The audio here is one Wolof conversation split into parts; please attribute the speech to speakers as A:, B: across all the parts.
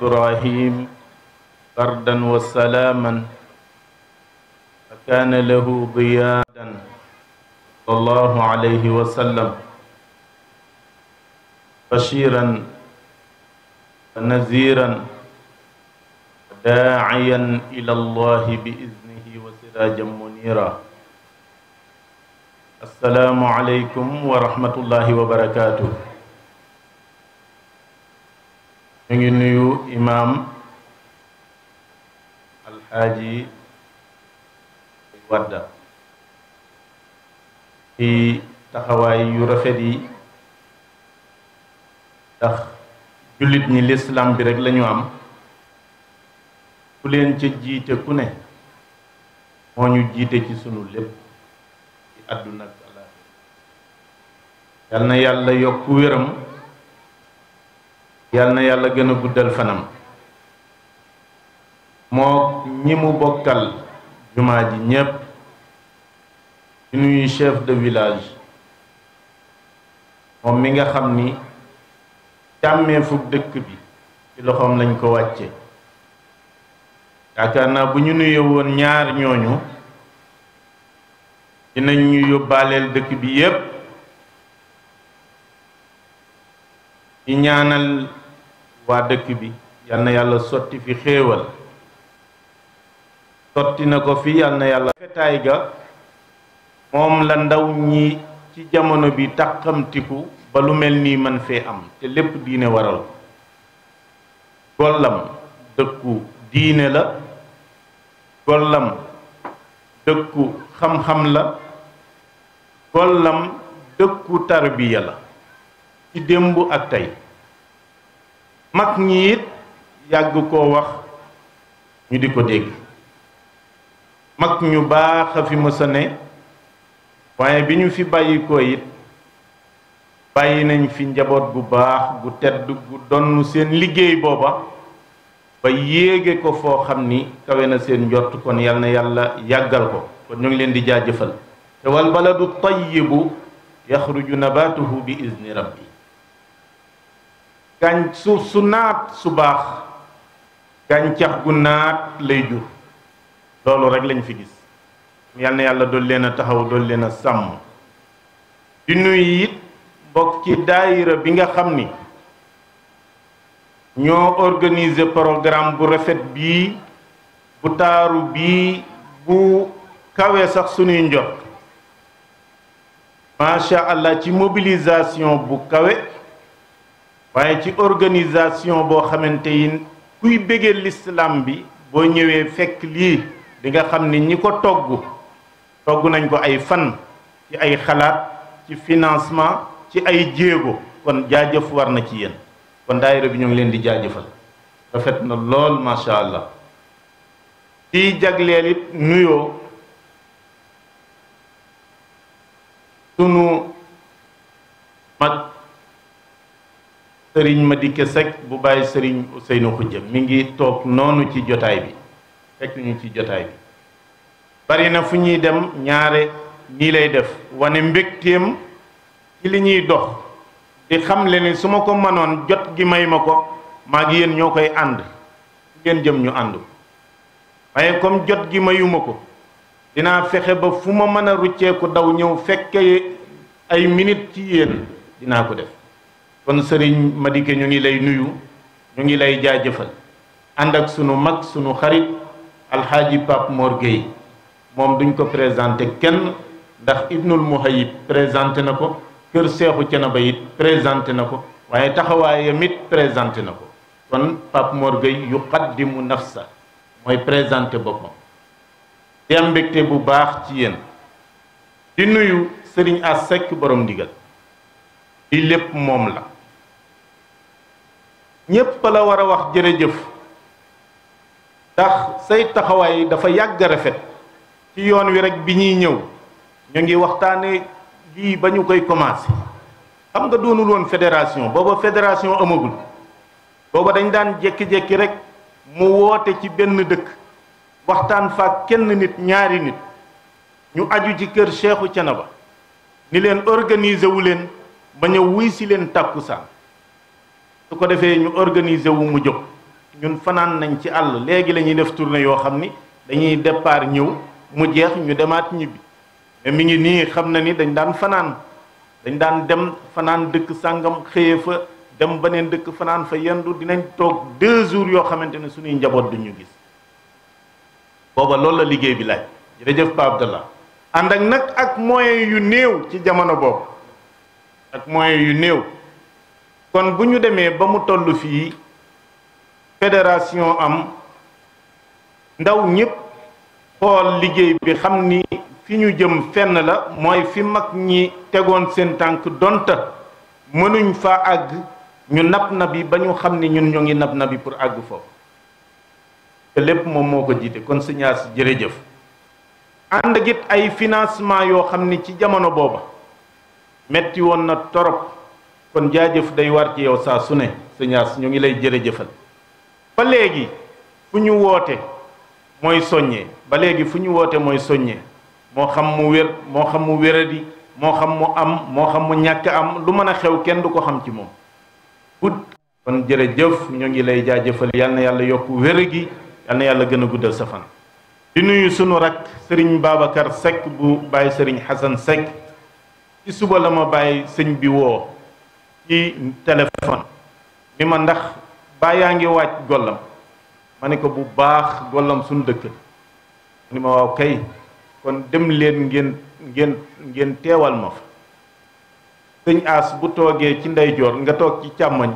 A: إبراهيم بردا وسلاما فكان له ضياء صلى الله عليه وسلم بشيرا ونذيرا داعيا إلى الله بإذنه وسراجا منيرا السلام عليكم ورحمة الله وبركاته ñu ngi nuyu imaam alxaaji wadda ci taxawaay yu rafet yi ndax jullit ñi lislaam bi rek lañu am ku leen ca jiite ku ne moo ñu jiite ci sunu lépp ci àdduna ak àllaaxira yal na yàlla yokk wéram yal na yàlla gëna a guddal fanam moo ñi mu bokkal jumaa ji ñépp di nuyu chef de village moom mi nga xam ni càmmeefu dëkk bi ci loxoom lañ ko wàcce yaakaar naa bu ñu nuyoo woon ñaar ñooñu dinañu ñu yóbbaaleel dëkk bi yépp ñi ñaanal waa dëkk bi yal yàlla sotti fi xéewal sotti na ko fi yàlla fetaay ga moom la ndaw ñi ci jamono bi tàqamtiku ba lu mel nii man fee am te lépp diine waral gollam dëkku diine la gollam dëkku xam-xam la gollam dëkku tarbiya la ci démb ak tey mag ñi it yàgg koo wax ñu di ko dégg mag ñu baax a fi mësa ne waaye bi ñu fi bàyyi ko it bàyyi nañ fi njaboot gu baax gu tedd gu donn seen liggéey booba ba yéege ko foo xam ni kawe na seen njort kon yal na yàlla yàggal ko kon ñu leen di jaajëfal te wal baladu tayyibu yaxruju nabatuhu bi izni rabbi gànc suuf su naat su baax gàncax gu naat lay jur loolu rek lañ fi gis yal na yàlla dool leen a taxaw dool leen a sàmm di nuy it mbokk ci daayira bi nga xam ni ñoo organiser programme bu rafet bii bu taaru bii bu kawee sax sunuy njot macha allah ci mobilisation bu kawe waaye ci organisation boo xamante yi kuy bëggee l'islam bi boo ñëwee fekk lii di nga xam ni ñi ko togg togg nañ ko ay fan ci ay xalaat ci financement ci ay jéego kon jaajëf war na ci yéen kon daayira bi ñu ngi leen di jaajëfal rafet na lool macha allah di jagleel it nuyoo sunu mag sëriñ Madické Seck bu bàyyi sëriñ Ousseynou Khoudia mi ngi toog noonu ci jotaay bi fekk ci jotaay bi bari na fu ñuy dem ñaare nii lay def wane mbëgteem ci li ñuy dox di xam le ni su ma ko mënoon jot gi may ma ko maa ngi yéen ñoo koy ànd ngeen jëm ñu ànd waaye comme jot gi mayuma ko dinaa fexe ba fu ma mën a rucceeku daw ñëw fekk ay minit ci yéen dinaa ko def kon sëriñ Madické ñu ngi lay nuyu ñu ngi lay jaajëfal ànd ak sunu mag sunu xarit alxaaji Pape Mor Gueye moom duñ ko présenté kenn ndax Ibnul Muhayyib présenté na ko kër Seexu Canaba it présenté na ko waaye taxawaayam it présenté na ko kon Pape Mor Gueye yuqaddimu sa mooy présenté boppam di am mbégte bu baax ci yéen di nuyu sëriñ As Seck borom ndigal li lépp moom la ñépp la war a wax jërëjëf ndax say taxawaay dafa yàgg rafet ci yoon wi rek bi ñuy ñëw ñu ngi waxtaane lii ba ñu koy commencé xam nga doonul woon fédération booba fédération amagul booba dañ daan jékki-jékki rek mu woote ci benn dëkk waxtaan fa kenn nit ñaari nit ñu aju ci kër Seexu Canaba ni leen organiser wu leen ba ñëw wuy si leen tàkkusaan su ko defee ñu organiser wu mu jóg ñun fanaan nañ ci àll léegi la ñuy def tournée yoo xam ni dañuy départ ñëw mu jeex ñu demaat ñibbi mais mi ngi nii xam na ni dañ daan fanaan dañ daan dem fanaan dëkk sàngam xëye fa dem neen dëkk fanaan fa yendu dinañ toog deux jours yoo xamante ne suñuy njaboot duñu gis booba loolu la liggéey bi laaj jërëjëf Pape Abdallah ànd ak nag ak moyen yu néew ci jamono boobu ak moyen yu néew kon bu ñu demee ba mu toll fii fédération am ndaw ñëpp xool liggéey bi xam ni fi ñu jëm fenn la mooy fi mag ñi tegoon seen tànk donta mënuñ fa àgg ñu nab na bi ba ñu xam ni ñun ñoo ngi nab na bi pour àgg foofu te lépp moom moo ko jiite kon sëñ As jërëjëf ànd git ay financement yoo xam ni ci jamono booba metti woon na torop kon jaajëf day war ci yow saa su ne sëñ As ngi lay jërëjëfal ba léegi fu ñu woote mooy soññee ba léegi fu ñu woote mooy soññee moo xam mu wér moo xam mu wéradi moo xam mu am moo xam mu ñàkk am lu mën a xew kenn du ko xam ci moom gut kon jërëjëf ñoo ngi lay jaajëfal yal na yàlla yokk wér gi yàlla gën a guddal safan di nuyu sunu rak sëriñ Babacar Seck bu bàyyi sëriñ Xasan Seck ci suba la ma bàyyi sëñ bi woo ci téléphone ni ma ndax baa yaa ngi waaj gollam ma ne ko bu baax gollam suñu dëkk mu ma waaw kay kon dem leen ngeen ngeen ngeen teewal ma fa sëñ aas bu toogee ci ndeyjoor nga toog ci càmmoñ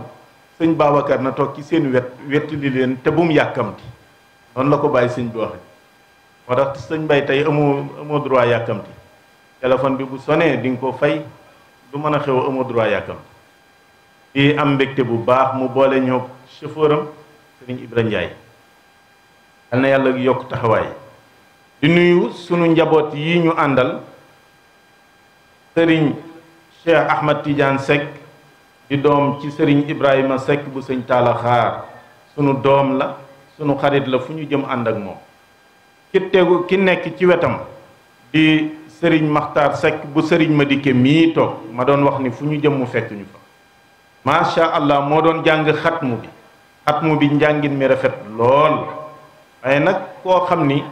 A: sëñ Babacar na toog ci seen wet wettili leen te bum yàkkamti noonu la ko bàyyi sëñ bi waxe sëñ bay tey amoo amoo droit yàkkamti téléphone bi bu sonee di nga ko fay du mën a xew amoo droit yàkkamti di am mbégte bu baax mu boole ñoo chauffeur am sëriñ Ibra Njaay yal na yàlla yokk taxawaay di nuyu sunu njaboot yi ñu àndal sëriñ Cheikh Ahmad Tidiane Seck di doom ci sëriñ Ibrahima Seck bu sëñ Taala sunu doom la sunu xarit la fu ñu jëm ànd ak moom ki tegu ki nekk ci wetam di sëriñ Maxtaar Seck bu sëriñ Madike mii toog ma doon wax ni fu ñu jëm mu fekk fa macha allah moo doon jàng xatmu bi xatmu bi njàngit mi rafet lool waaye nag koo xam ni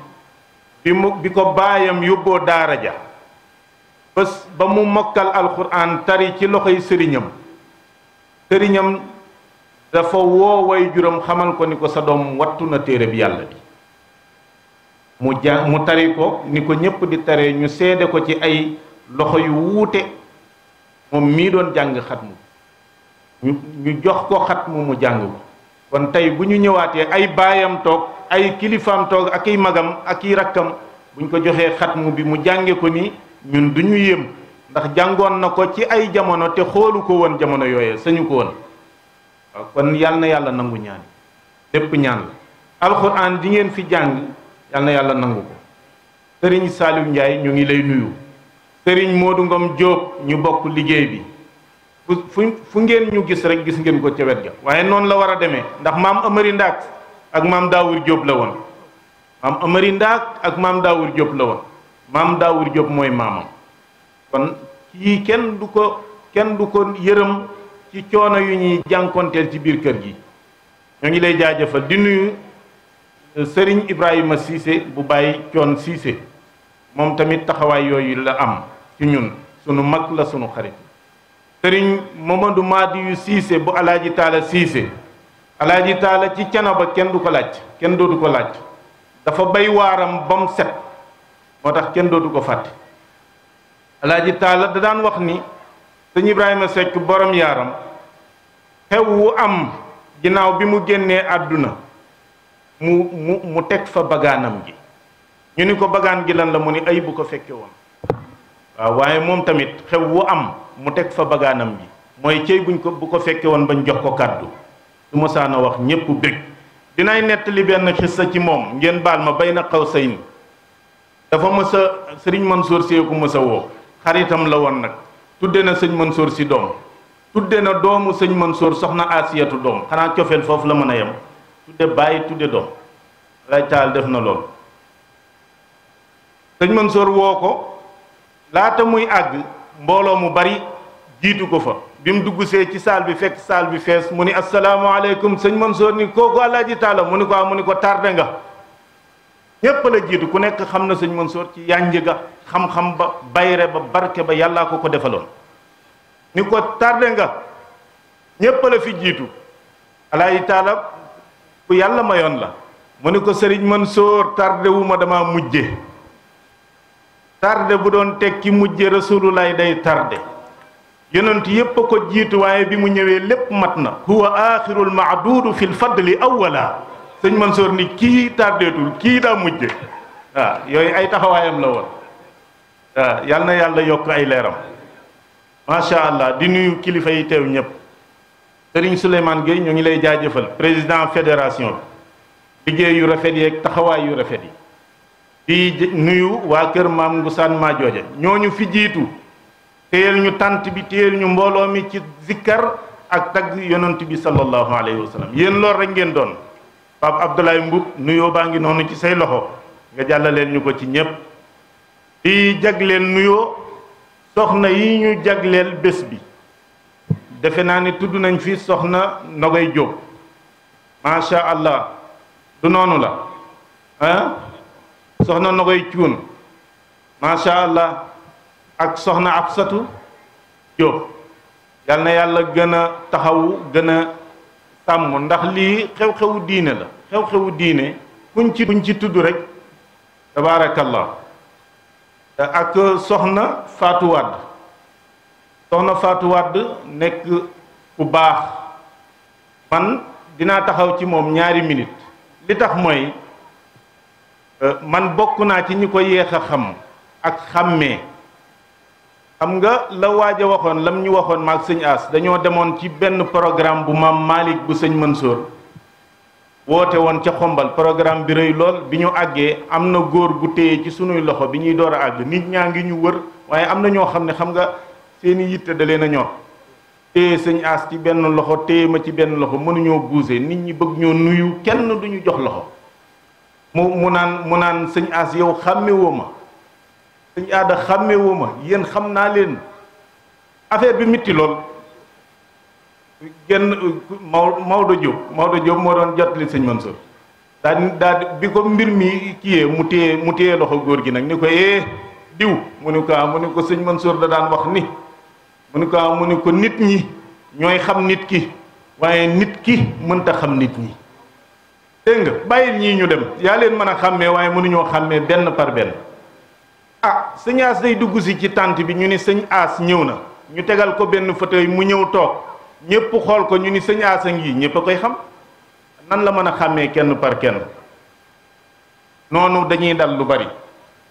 A: bi mu bi ko baayam yóbboo daara ja bés ba mu mokkal alxuraan tari ci loxo yi sëriñam sëriñam dafa woo juróom xamal ko ni ko sa doom wattu na téere bi yàlla bi mu ja mu tari ko ni ko ñépp di tare ñu seede ko ci ay loxo yu wuute moom mii doon jàng xatmu ñu ñu jox ko xat mu mu jàng ko kon tey bu ñu ñëwaatee ay baayam toog ay kilifaam toog ak i magam ak i rakkam buñ ko joxee xat mu bi mu jànge ko ni ñun du ñu yëm ndax jàngoon na ko ci ay jamono te xoolu ko woon jamono yooyee sañu ko woon kon yal na yàlla nangu ñaan lépp ñaan la alxuraan di ngeen fi jàng yàlla yàlla nangu ko sëriñ Saliou Ndiaye ñu ngi lay nuyu sëriñ Modou Ngom Diop ñu bokk liggéey bi fu fu ngeen ñu gis rek gis ngeen ko ca wet ga waaye noonu la war a demee ndax maam Amari Ndaak ak maam Daawur Jóob la woon maam Amari Ndaak ak maam Daawur Jóob la woon maam Daawur Jóob mooy maamam kon kii kenn du ko kenn du ko yërëm ci coono yu ñuy jànkonteel ci biir kër gi ñoo ngi lay jaajëfal di nuyu euh, Sëriñ Ibrahima Cissé bu bàyyi coon siise moom tamit taxawaay yooyu la am ci ñun sunu mag la sunu xarit sëriñ Mamadou Madiou Cissé bu alaaji taala Cissé alaaji taala ci canaba kenn du ko laaj kenn dootu ko laaj dafa bay waaram ba mu set moo tax kenn dootu ko fàtte alaaji taala da daan wax ni sëñ Ibrahima Seck borom yaaram xew wu am ginnaaw bi mu génnee àdduna mu mu mu teg fa bagaanam gi ñu ni ko bagaan gi lan la mu ni ay bu ko fekke woon waaw waaye moom tamit xew wu am mu teg fa bagaanam bi mooy cey buñ ko bu ko fekkee woon bañ jox ko kàddu su mosaana wax ñépp bég dinaay nettali benn xissa ci moom ngeen baal ma bay na xaw sayn dafa mës a sëriñ mën Sy ku mës a woo xaritam la woon nag tudde na sëñ Mansour si doom tudde na doomu sëñ Mansour soxna asiyatu doom xanaa cofeel foofu la mën a yem tudde bàyyi tudde doom lay taal def na lool mën Mansour woo ko laata muy àgg mbooloo mu bari jiitu ko fa bi mu dugg see ci saal bi fekk saal bi fees mu ni asalaamaaleykum sëñ Mansour ni kooku Alaaji Taala mu ni ko ah, mu ni ko tardé nga ñépp jiitu ku nekk xam na sëñ Mansour ci yànj ga xam-xam ba bayre ba barke ba yàllaa ko ko defaloon ni ko tardé nga ñépp fi jiitu Alaaji Taala ku yàlla mayoon la mu ni ko sëriñ Mansour tardé wu ma dama mujje tarde bu doon teg ki mujje rasululay day tarde yonent yépp a ko jiitu waaye bi mu ñëwee lépp mat na huwa axirul maadudu fi l fadli awala sëñ Mansoor ni kii tardeetul kii daa mujje ah, yooyu ay taxawaayam la woon ah, yàlla na yàlla yokk ay leeram macha allah di nuyu kilifa yi teew ñépp sëriñ Souleymane Gueye ñu ngi lay jaajëfal président fédération bi liggéey yu rafet yi ak taxawaay yu rafet yi di waa kër maam Ngusaan maa jooje ñooñu fi jiitu téyel ñu tant bi ñu mbooloo mi ci zikkar ak tagg yonant bi yéen lool rek ngeen doon Pape Abdoulaye Mbub nuyoo baa ngi noonu ci say loxo nga jàllaleen ñu ko ci ñépp di jagleel nuyoo soxna yi ñu jagleel bés bi defe naa ni tudd nañ fi soxna Ndogoy Jóob macha allah du noonu la soxna Nogoy Cuun macha allah ak soxna Absatu Jóob yal na yàlla gën a taxawu gën a sàmm ndax lii xew-xewu diine la xew-xewu diine kuñ ci kuñ ci tudd rek tabaarakallah ak soxna Faatu soxna Faatu nekk ku baax man dinaa taxaw ci moom ñaari minute li tax mooy Euh, man bokk naa ci ñi ko yéex a xam ak xàmmee xam nga la waaj a waxoon lam ñu waxoon maag sëñ As dañoo demoon ci benn programme bu maam Malick bu sëñ mën Mansour woote woon ca xombal programme bi rëy lool bi ñu àggee am na góor gu téye ci sunuy loxo bi ñuy door a àgg nit ñaa ngi ñu wër waaye am na ñoo xam ne xam nga seeni yitte da leen a ñor téye sëñ ci benn loxo téye ma ci benn loxo mënuñoo buuse nit ñi bëgg ñoo nuyu kenn duñu jox loxo mu mu naan mu naan sëñ as yow xàmmewu ma sëñ aada xàmmewu ma yéen xam naa leen affaire bi mitti lool genn Maw Maodo Diop Maodo Diop moo doon jottali sëñ Mansour daal daal bi ko mbir mi kiyee mu téye mu téye loxo góor gi nag ni koy eh diw mu ni ko ah, mu ni ko sëñ Mansour da daan wax ni mu ni ko ah, mu ni ko nit ñi ñooy xam nit ki waaye nit ki mënta xam nit ñi dégg nga bàyyil ñii ñu dem yaa leen mën a xàmmee waaye mënuñoo xàmmee benn par benn ah sëñ As day dugg si ci tànt bi ñu ni sëñ As ñëw na ñu tegal ko benn fauteuil mu ñëw toog ñëpp xool ko ñu ni sëñ As a ngi ñëpp a koy xam nan la mën a xàmmee kenn par kenn noonu dañuy dal lu bari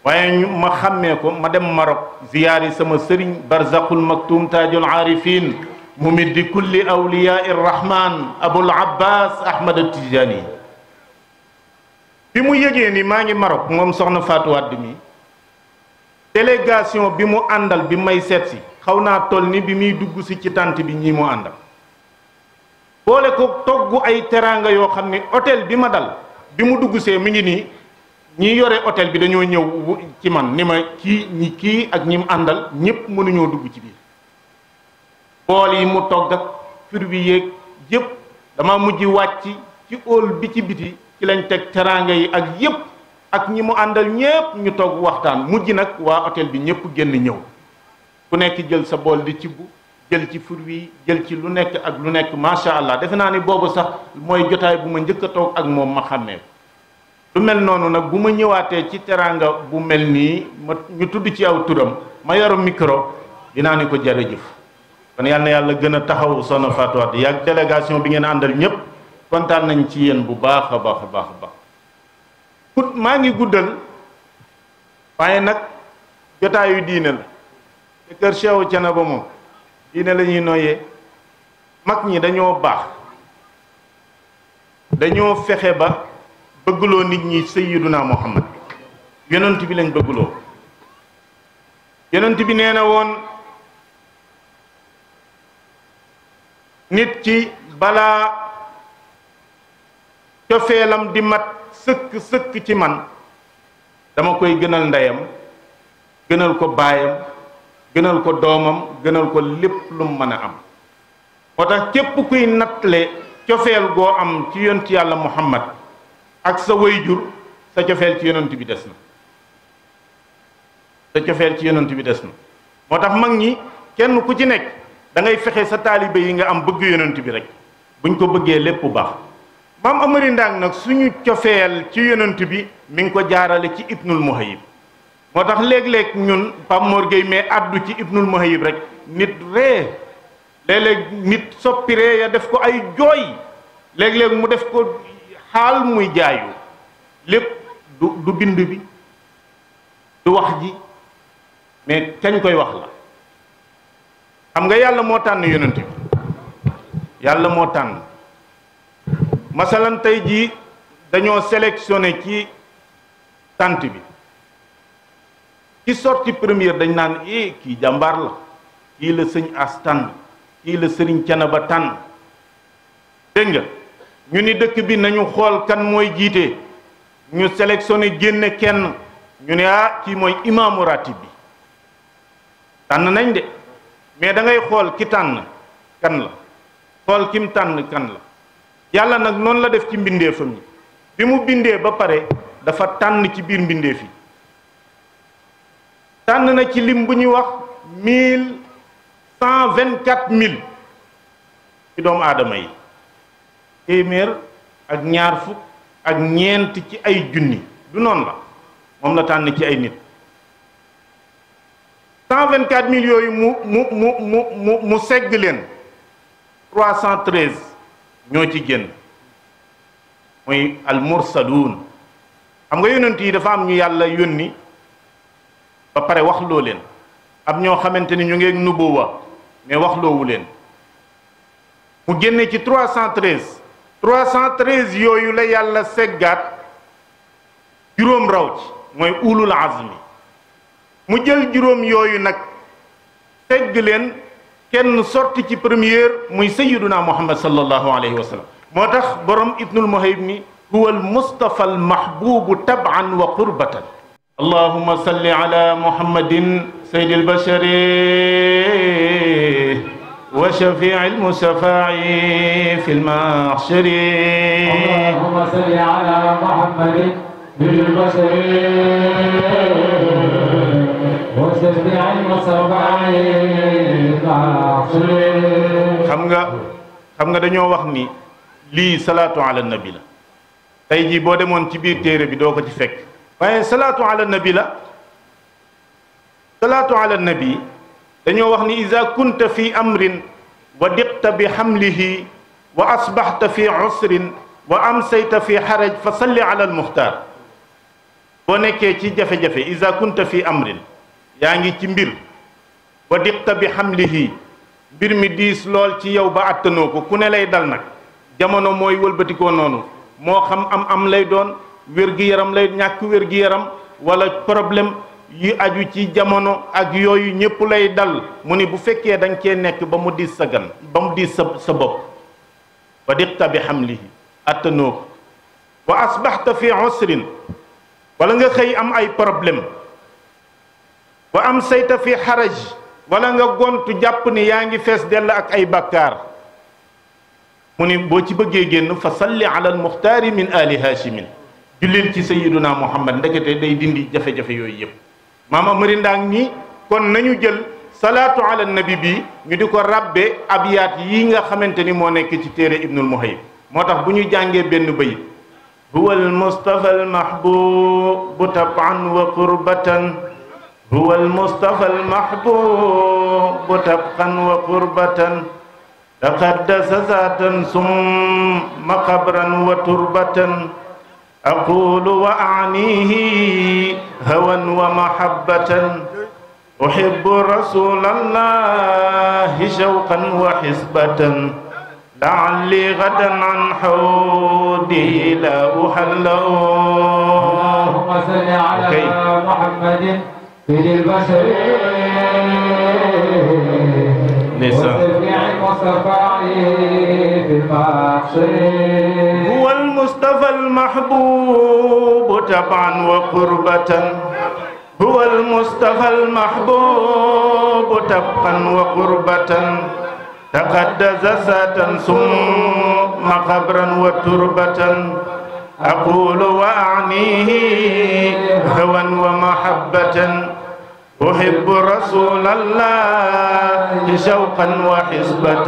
A: waaye ñu ma xàmmee ko ma dem Maroc ziyaari sama sëriñ barzaqul maktum taajul aarifin mu middi kulli awliyaa irrahman abul abbas ahmad at-tijani bi mu yëgee ni maa ngi Maroc moom soxna faatuwaat Wade mi délégation bi mu àndal bi may seet si xaw naa toll ni bi muy dugg si ci tànt bi ñi mu àndal boole ko togg ay teraanga yoo xam ne hôtel bi ma dal bi mu dugg see mi ngi nii ñi yore hôtel bi dañoo ñëw ci man ni ma kii ñi kii ak ñi àndal ñépp mënuñoo dugg ci biir bool yi mu togg ak fir bi yéeg yépp dama mujj wàcc ci óol bi ci biti ci lañ teg teraanga yi ak yépp ak ñi mu àndal ñépp ñu toog waxtaan mujj nag waa hôtel bi ñépp génn ñëw ku nekk jël sa bool di cibb jël ci fur wi jël ci lu nekk ak lu nekk macha allah defe naa ni boobu sax mooy jotaay bu ma njëkk a toog ak moom ma xàmmee lu mel noonu nag bu ma ñëwaatee ci teraanga bu mel nii ma ñu tudd ci aw turam ma yoro micro dinaa ni ko jërëjëf kon yàlla yàlla gën a taxaw soxna Fatou Wade yaag délégation bi ngeen àndal ñépp kontaan nañ ci yéen bu baax a baax a baax a baax put maa ngi guddal waaye nag jotaayu diine la te kër Cheikhu Thiénaba moom diine la ñuy mag ñi dañoo baax dañoo fexe ba bëggloo nit ñi sayyiduna Muhammad yonent bi lañ bëggloo yonent bi nee na woon nit ci balaa cofeelam di mat sëkk sëkk ci man dama koy gënal ndeyam gënal ko baayam gënal ko doomam gënal ko lépp lu mën a am moo tax képp kuy natle cofeel goo am ci yonent yàlla muhammad ak sa wayjur sa cofeel ci yonent bi des na sa cofeel ci yonent bi des na moo tax mag ñi kenn ku ci nekk dangay fexe sa taalibe yi nga am bëgg yonent bi rek buñ ko bëggee lépp bu baax maam amari ndaang nag suñu cofeel ci yonent bi mi ngi ko jaarale ci ibnul muhayib moo tax léeg-léeg ñun Pape Mor Gueye mais addu ci ibnul muhayib rek nit ree léeg-léeg nit soppi ree ya def ko ay jooy léeg-léeg mu def ko xaal muy jaayu lépp du bind bi du wax ji mais kañ koy wax la xam nga yàlla moo tànn yonent bi yàlla moo tànn masalan tey jii dañoo sélectionné ci tànt bi ci sortie première dañ naan eh kii jàmbaar la kii la sëñ as tànn kii la sëriñ ba tànn dégg nga ñu ni dëkk bi nañu xool kan mooy jiite ñu sélectionné génne kenn ñu ne ah kii mooy imaamu ratib bi tànn nañ de mais dangay xool ki tànn kan la xool kim tànn kan la yàlla nag noonu la def ci mbindeefam yi bi mu bindee ba pare dafa tànn ci biir mbindeef yi tànn na ci lim bu ñuy wax mil cent vingt quatre mille ci doomu aadama yi téeméer ak ñaar fukk ak ñeent ci ay junni du noonu la moom la tànn ci ay nit cent vingt quatre mille yooyu mu mu mu mu mu segg leen trois ñoo ci génn muy al mursaluun xam nga yonent yi dafa am ñu yàlla yónni ba pare wax loo leen ab ñoo xamante ni ñu ngeen ngi nubuwa mais wax loowu leen mu génne ci 313 313 yooyu la yàlla seggaat juróom raw ci mooy ulul azmi mu jël juróom yooyu nag segg leen kenn sotti ci première muy sayyiduna muhammad sallallahu alayhi wa sallam moo tax borom ibnul muhayib ni huwa al mustafa al mahbubu taban wa qurbatan allahuma salli ala muhammadin sayyid al bashari wa shafi'i al mushaffa'i fi al
B: mahshari allahuma salli ala muhammadin sayyid al bashari xam
A: nga xam nga dañoo wax ni lii salaatu ala nabi la tey jii boo demoon ci biir téere bi doo ko ci fekk waaye salaatu ala nabi la salaatu ala nabi dañoo wax ni ida kunta fi amrin wa diqta bi xamlihi wa asbaxta fi usrin wa amsayta fi xaraj fa salli ala almuxtaar boo nekkee ci jafe-jafe ida kunta fi amrin yaa ngi ci mbir wa diqta bi xamlihi mbir mi diis lool ci yow ba attanoo ko ku ne lay dal nag jamono mooy wëlbatikoo noonu moo xam am am lay doon wér-gi-yaram lay ñàkk wér-gi-yaram walla problème yu aju ci jamono ak yooyu ñëpp lay dal mu ni bu fekkee da nga cee nekk ba mu diis sa gan ba mu diis sa sa bopp wa bi xam xamlihi attanoo ko wa asbaxta fi usrin wala nga xëy am ay problème wa am sayta fi xaraj wala nga gontu jàpp ni yaa ngi fees dell ak ay bakkaar mu ni boo ci bëggee génn fa salli ala almuxtaari min ali haashimin jullil ci sayiduna muhammad ndekete day dindi jafe-jafe yooyu yëpp maama mari ndaang nii kon nañu jël salaatu ala nabi bi ñu di ko rabbe abiyaat yi nga xamante ni moo nekk ci téere ibnul muhayib moo tax bu ñu jàngee benn bayit huwa almustafa almahbubu taban wa qurbatan هو المصطفى المحبوب تبقا وقربة تقدس ذاتا ثم قبرا وتربة أقول وأعنيه هوى ومحبة أحب رسول الله شوقا وحسبة لعلي غدا عن حوده لا أحلو اللهم صل على
B: محمد للبشر هو
A: المصطفى المحبوب تبعا وقربة هو المصطفى المحبوب تبقا وقربة تقدس ساتا ثم قبرا وتربة أقول وأعنيه هوى ومحبة أحب رسول الله شوقا وحسبة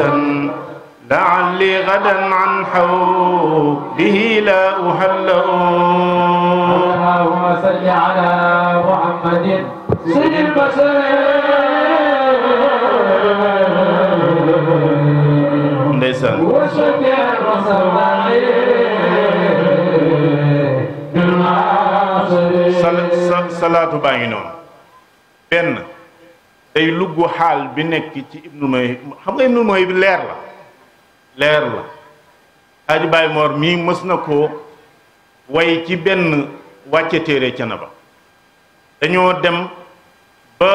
A: لعلي غدا عن
B: حوله لا أحلأ اللهم صل على محمد سيد البشر
A: ليسان وشفيع
B: الرسول
A: صلاة باينون benn day lugg xaal bi nekk ci ibnul muhib xam nga ibnul muhib leer la leer la aji Baay Moor mii mës na ko way ci benn wàcce téere ca na ba dañoo dem ba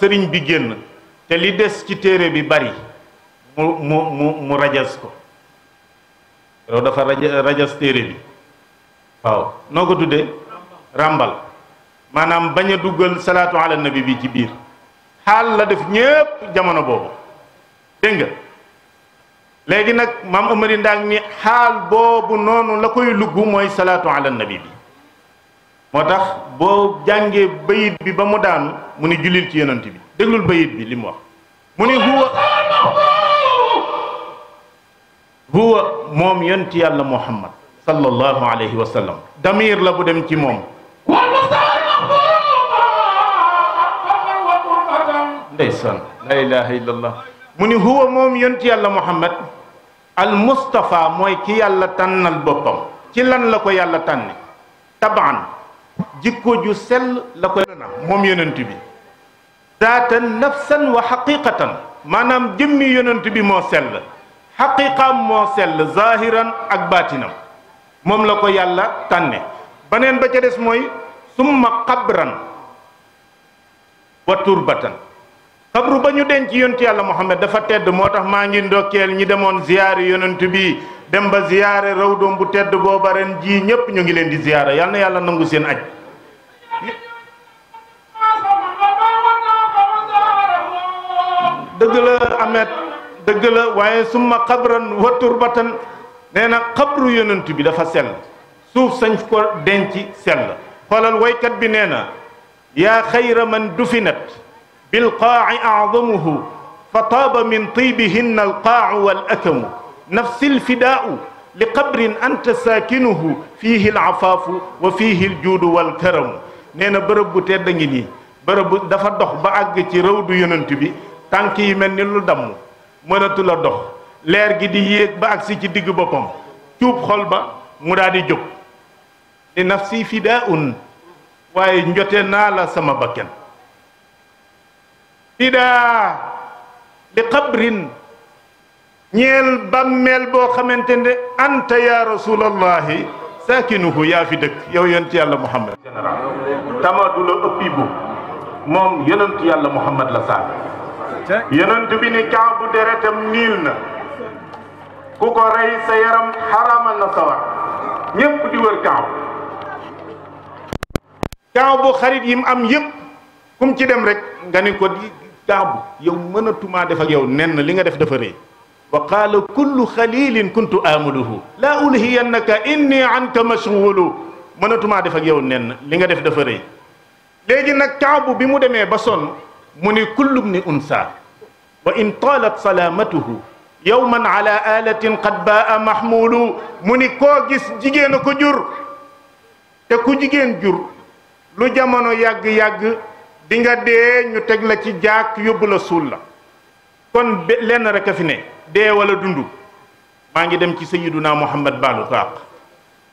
A: sëriñ bi génn te li des ci téere bi bari mu mu mu mu rajas ko loolu dafa rajas téere bi waaw noo ko tuddee ràmbal maanaam bañ a duggal salaatu ala nabi bi ci biir xaal la def ñépp jamono boobu dégg nga léegi nag maam Amari ni xaal boobu noonu la koy lugg mooy salaatu ala nabi bi moo tax boo jàngee bayit bi ba mu daanu mu ni julil ci yonent bi déglul bayit bi li mu wax mu ni huwa huwa moom yonent yàlla muhammad sallallahu alayhi wa sallam damir la bu dem ci moom ndeysaan la ilaha illallah mu ni huwa moom yonti yàlla muhammad al mooy ki yàlla tànnal boppam ci lan la ko yàlla tànne tabaan jikko ju sell la ko na moom yonent bi zaatan nafsan wa xaqiqatan maanaam jëmmi yonent bi moo sell xaqiqaam moo sell zahiran ak baatinam moom la ko yàlla tànne baneen ba ca des mooy summa qabran wa turbatan xabru ba ñu denc yontu yàlla Muhammad dafa tedd moo tax maa ngi ndokkeel ñi demoon ziyaare yonent bi dem ba ziyaare raw doom bu tedd booba ren jii ñépp ñoo ngi leen di ziyaare yal na yàlla nangu seen aj dëgg la amet dëgg la waaye summa xabran wa turbatan nee na xabru yonent bi dafa sell suuf sañ ko denc sell xoolal waykat bi nee na yaa xayra man dufinat بالقاع أعظمه فطاب من طيبهن القاع والأكم نفس الفداء لقبر أنت ساكنه فيه العفاف وفيه الجود والكرم nee na bërëb bu tedd ngi nii bërëb dafa dox ba àgg ci rawdu yonent bi tànk yi mel ni lu damm mënatu dox leer gi di yéeg ba agsi ci digg boppam cuub xol ba mu di jóg li nafsi fidaun waaye njote la sama bakken fidaa li qabrin ñeel bàmmeel boo xamante ne anta ya rasulallahi saakinuhu yaa fi dëkk yow yonent yàlla muhammad tamadu la ëppi bu moom yonent yàlla muhammad la saak yonent bi ni kaabu deretam niil na ku ko rey sa yaram xaraamal na sawar ñépp di wër kaaw kaaw xarit yim am yëpp kum ci dem rek nga ni ko di kaabu yow mënatumaa def ak yow nen li nga def dafa rëy wa qaala kullu xalilin kuntu amaluhu laa ulhiyannaka inni anka mashghulu mënatumaa def ak yow nen li nga def dafa rëy léegi nag kaabu bi mu demee ba sonn mu ni kullum ni unsa wa in taalat salaamatuhu yowman ala alatin qad baa mahmulu mu ni koo gis jigéen a ko jur te ku jigéen jur lu jamono yàgg-yàgg bi nga dee ñu teg la ci jaak yóbbu la suul la kon lenn rek a fi ne dee wala dund maa ngi dem ci sayyiduna muhammad baalu taaq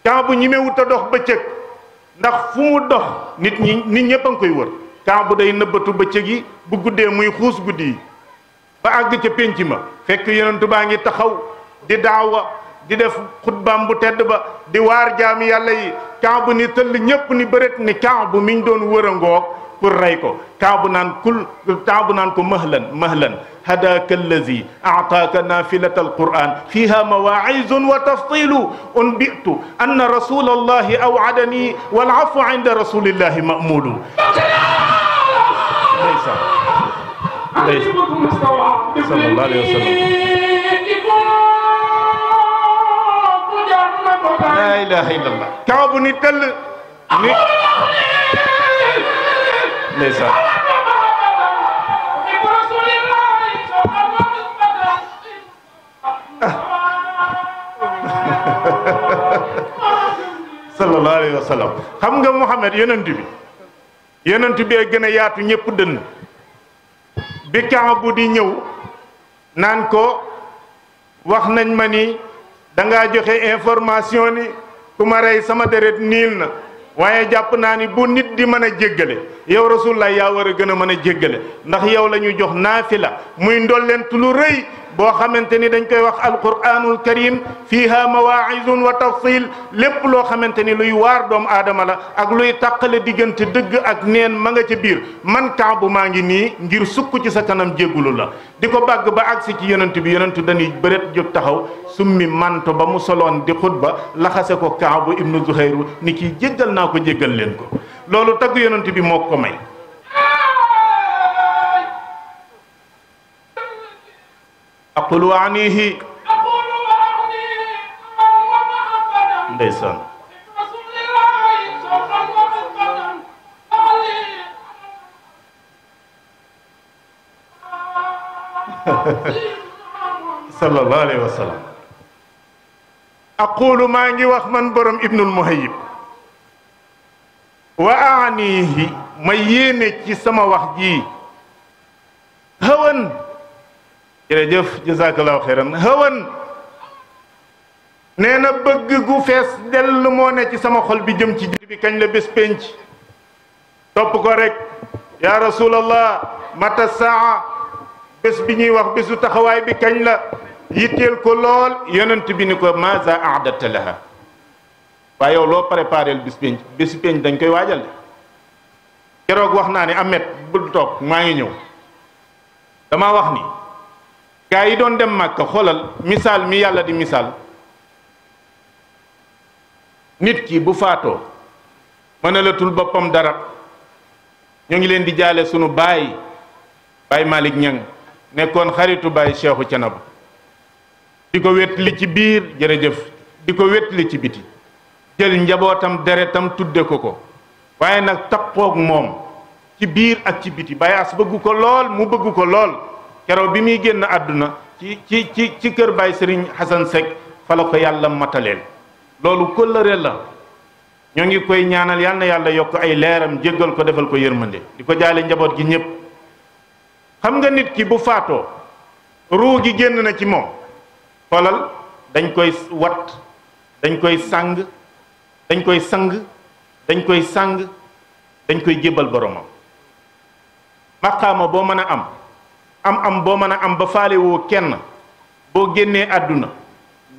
A: kaabu ñi mewut a dox bëccëg ndax fu mu dox nit ñi nit ñëpp a ngi koy wër kaabu day nëbbatu bëccëg yi bu guddee muy xuus guddi yi ba àgg ca pénc ma fekk yonentu baa ngi taxaw di daawa di def xutbaam bu tedd ba di waar jaami yàlla yi kaabu ni tëll ñëpp ni bëret ni kaabu miñ doon wëra a ngoog pour rey ko kaabu naan kul kaabu naan ko mahlan mahlan hadaka allazi aataaka nafilata alquran fiha mawaizun wa taftilu unbitu anna rasula allahi aw'adani walafu inda rasulillahi mamulu ndeysaan ndeysaan
B: sallallahu alayhi wa sallam la
A: ilaha illallah kaabu ni tëll ni ndeysaan sallallahu xam nga Muhammad yonent bi yonent bi ay gën a yaatu ñëpp dënn bi Kaab bu di ñëw naan ko wax nañ ma ni dangaa joxe information ni ku ma rey sama deret niil na waaye jàpp naa ni bu nit di mën a jéggale yow rasulullah yaa war a gën a mën a jéggale ndax yow la ñu jox la muy ndollent lu rëy boo xamante ni dañ koy wax alquranul karim fiha mawaizun wa tafsil lépp loo xamante ni luy waar doom aadama la ak luy tàqale diggante dëgg ak neen ma nga ca biir man kaabu maa ngi nii ngir sukk ci sa kanam jéggulu la di ko bàgg ba agsi ci yonent bi yonent dañuy bëreet jóg taxaw summi manto ba mu soloon di xutba laxase ko kaabu ibnu zuhayru ni kii jéggal naa ko jéggal leen ko loolu tagg yonent bi moo ko may aqulu anihi ndeysaan sallallahu alayhi wa sallam aqulu maa ngi wax man borom ibnul muhayyib wa aanihi ma yéene ci sama wax ji hawan jërëjëf jazakallahu xeyran xëwan nee na bëgg gu fees dell moo ne ci sama xol bi jëm ci jur bi kañ la bés pénc topp ko rek yaa rasulallah mata saa bés bi ñuy wax bésu taxawaay bi kañ la yitteel ko lool yonent bi ni ko maza ahdata laha waaye yow loo préparé bis pénc bésu pénc dañ koy waajal keroog wax naa ni amet bul toog maa ngi ñëw dama wax ni gaa yi doon dem màkka xoolal misaal mi yàlla di misaal nit ki bu faatoo mënalatul boppam dara ñoo ngi leen di jaale sunu baay baay Malick Niang nekkoon xaritu baay Cheikhou Thiénaba di ko wét ci biir jërëjëf di ko wét li ci biti jël njabootam deretam tudde ko ko waaye nag tappoog moom ci biir ak ci biti baay as ko lool mu bëgg ko lool keroog bi muy génn àdduna ci ci ci ci kër Baye sëriñ Xasan Seck fa ko yàlla mataleel loolu kóllëre la ñoo ngi koy ñaanal yàlla yàlla yokk ay leeram jéggal ko defal ko yërmande di ko jaale njaboot gi ñëpp xam nga nit ki bu faatoo ruu gi génn na ci moom xoolal dañ koy wat dañ koy sàng dañ koy sang dañ koy sàng dañ koy jébbal boromam maqaama boo mën a am am-am boo mën a am ba faale kenn boo génnee àdduna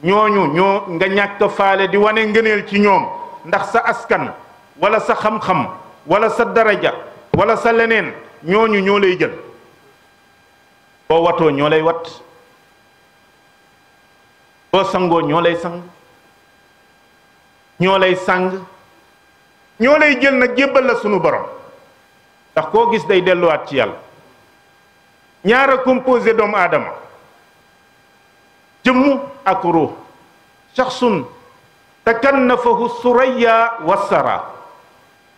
A: ñooñu ñoo nga ñàkk faale di wane ngëneel ci ñoom ndax sa askan walla sa xam-xam wala sa daraja wala sa leneen ñooñu ñoo lay jël boo watoo ñoo lay wat boo sangoo ñoo lay sang ñoo lay sang ñoo lay jël nag jébbal la sunu borom ndax koo gis day delluwaat ci yàlla ñaar a composé doomu aadama jëmm ak ruux shaxsun takannafahu suraya wassara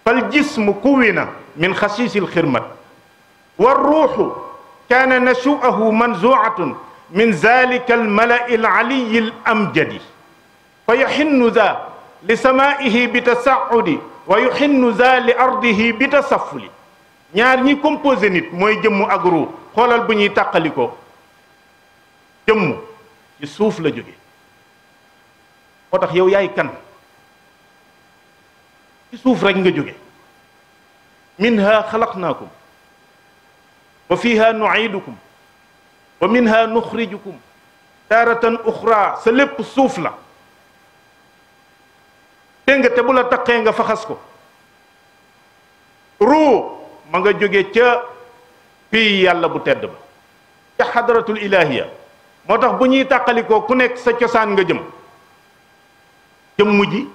A: fal jismu kuwina min xasiisi lxirmat wa ruuxu kaana nashu'ahu manzuatun min zalika almalai alaliyi alamjadi fa yuxinnu za li samaihi bitasacudi wa yuxinnu za li ardihi bitasafuli ñaar ñi composé nit mooy jëmm ak ruu xoolal bu ñuy tàqaliko jëmm ci suuf la jóge moo tax yow yaay kan ci suuf rek nga jóge minha xalaqnaakum wa fiha nuidukum wa minha nuxrijukum taaratan uxra sa lépp suuf la dégg nga te bu la taqee nga faxas ko ruu ma nga jóge ca pays yàlla bu tedd ba ca xadaratul ya moo tax bu ñuy tàqalikoo ku nekk sa cosaan nga jëm jëmm ji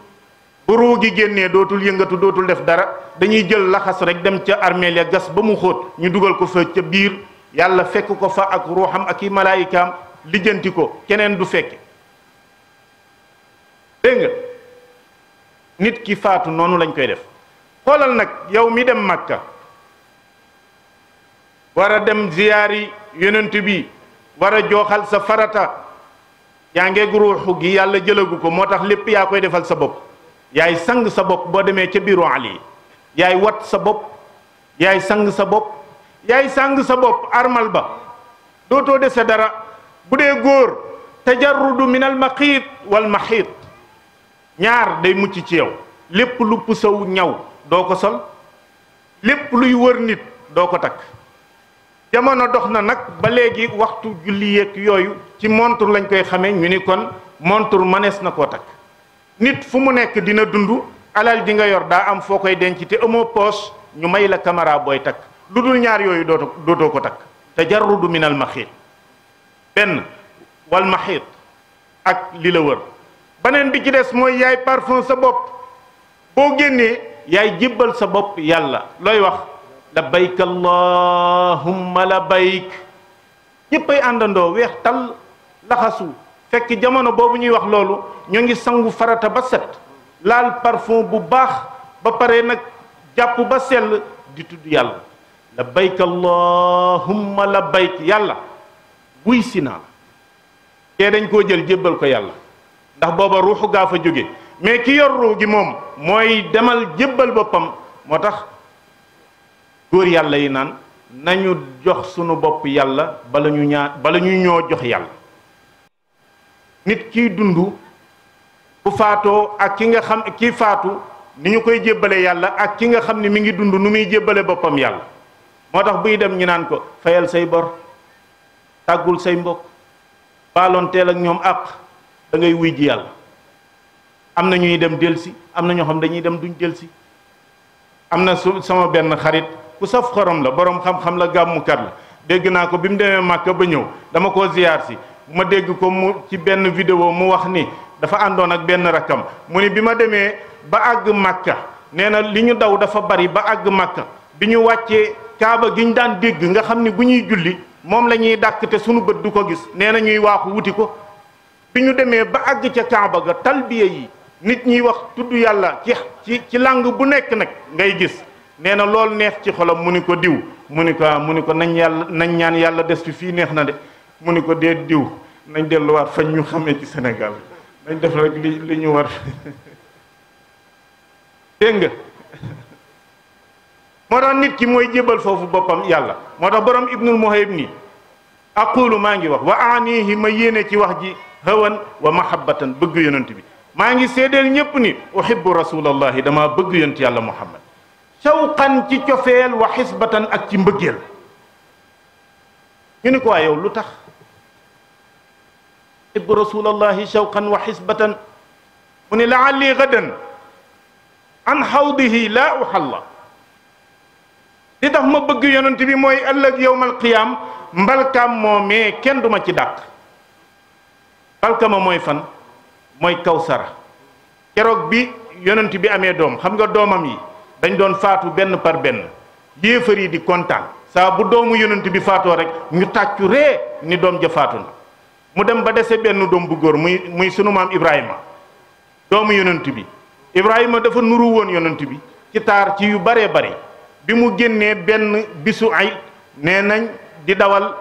A: bu ruu gi génnee dootul yëngatu dootul def dara dañuy jël laxas rek dem ca armeel ya gas ba mu xóot ñu dugal ko fa ca biir yàlla fekk ko fa ak ruuxam ak i malaayikaam lijjanti ko keneen du fekke dégg nga nit ki faatu noonu lañ koy def xoolal nag yow mi dem Makka war a dem ziyaari yonent bi war a jooxal sa farata yaa ngeeg ruuxu gi yàlla jëlagu ko moo tax lépp yaa koy defal sa bopp yaay sang sa bopp boo demee ca biiru Ali yaay wat sa bopp yaay sang sa bopp yaay sang sa bopp armal ba dootoo dese dara bu dee góor tajarrudu min al maqiit wal maxiit ñaar day mucc ci yow lépp lu pusaw ñaw doo ko sol lépp luy wër nit doo ko takk jamono dox na nag ba léegi waxtu julli yeeg yooyu ci montre lañ koy xamee ñu ni kon montre mënees na koo takk nit fu mu nekk dina dund alal ji nga yor daa am foo koy denc te amoo poos ñu may la caméra booy takk lu dul ñaar yooyu dooto dootoo ko takk te jarrudu min al maxiit benn wal maxiit ak li la wër beneen bi ci des mooy yaay parfum sa bopp boo génnee yaay jibbal sa bopp yàlla looy wax labbayk allahumma labbayk ñëppay àndandoo weex tal laxasu fekk jamono boobu ñuy wax loolu ñoo ngi sangu farata ba set laal parfum bu baax ba pare nag jàpp ba sell di tudd yàlla labbayk allahumma labbayk yàlla wuy si naa kee dañ koo jël jébbal ko yàlla ndax booba ruuxu gaa fa jóge mais ki yor ruu gi moom mooy demal jébbal boppam moo tax góor yàlla yi naan nañu jox sunu bopp yàlla bala ñu ñaa bala ñu ñoo jox yàlla nit kiy dund bu faatoo ak ki nga xam kii faatu ni ñu koy jébbale yàlla ak ki nga xam ni mi ngi dund nu muy jébbale boppam yàlla moo tax buy dem ñi naan ko fayal say bor tàggul say mbokk baalonteel ak ñoom àq dangay ngay wuy yàlla am na ñuy dem delsi am na ñoo xam dañuy dem duñ delsi am na su sama benn xarit ku saf xorom la borom xam-xam la gàmmukat la dégg naa ko bi mu demee Màkka ba ñëw dama ko ziyaar si ma dégg ko mu ci benn vidéo mu wax ni dafa àndoon ak benn rakkam mu ni bi ma demee ba àgg Màkka nee na li ñu daw dafa bari ba àgg Màkka bi ñu wàccee kaaba gi ñu daan dégg nga xam ni bu ñuy julli moom la ñuy dàkk te sunu bët du ko gis nee na ñuy waaxu wuti ko bi ñu demee ba àgg ca kaaba ga talbiya yi nit ñiy wax tudd yàlla ci ci ci langue bu nekk nag ngay gis nee na loolu neex ci xolam mu ni ko diw mu ni ko ah, mu ni ko nañ yàlla nañ ñaan yàlla des fi fii neex na de mu ni ko dee diw nañ delluwaat fañ ñu xamee ci senegal nañ def rek li li ñu war dégg nga moo tax nit ki mooy jébal foofu boppam yàlla moo tax borom ibnul muhayib nii aqulu maa ngi wax wa aanihi ma yéene ci wax ji hawan wa mahabbatan bëgg yonent bi maa ngi seedeel ñépp ni uhibbu rasulallahi dama bëgg yonent yàlla muhammad sawqan ci cofeel wa xisbatan ak ci mbëggeel ñu ni ko waa yow lu tax ibu rasulallahi shawqan wa xisbatan mu ni laalli gadan an xawdihi laa uxalla li tax ma bëgg yonent bi mooy ëllëg yowmal qiyaam mbalkaam moomee kenn duma ci dàq mbalkama mooy fan mooy kawsara keroog bi yonent bi amee doom xam nga doomam yi dañ doon faatu benn par benn yéefar yi di kontaan saa bu doomu yonent bi faatoo rek ñu tàccu ree ni doom ja faatu na mu dem ba dese benn doom bu góor muy muy sunu maam Ibrahima doomu yonent bi Ibrahima dafa nuru woon yonent bi ci taar ci yu baree bare bi mu génnee benn bisu ay nee nañ di dawal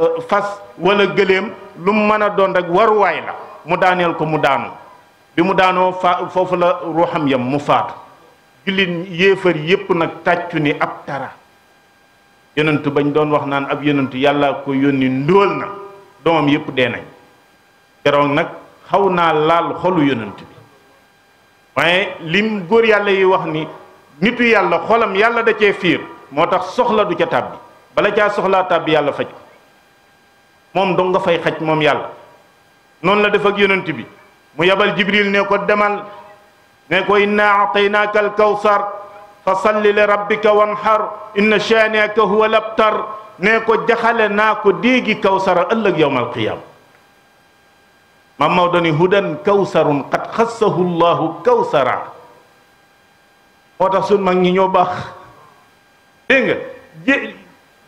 A: euh, fas wala gëléem lu mën a doon rek waruwaay la mu daaneel ko mu daanu bi mu daanoo fa foofu la ruuxam yam mu faatu jullit yéefar yépp nag tàccu ni ab tara yonentu bañ doon wax naan ab yonentu yàlla ko yónni ndóol na doomam yépp dee nañ keroog nag xaw naa laal xolu yonent bi waaye lim góor yàlla yi wax ni nitu yàlla xolam yàlla da cee fiir moo tax soxla du ca tàbbi bala caa soxlaa tàbbi yàlla faj moom dong nga fay xaj moom yàlla noonu la def ak yonent bi mu yabal jibril ne ko demal ne ko inna ataynaaka alkawsar fa salli li rabbika wanhar inna shaaniaka huwa labtar ne ko jaxale naa ko déegi kawsara ëllëg yowm alqiyama mam maw dani hudan kawsarun qad xassahu llahu kawsara moo tax suñ mag ñi ñoo baax dégg nga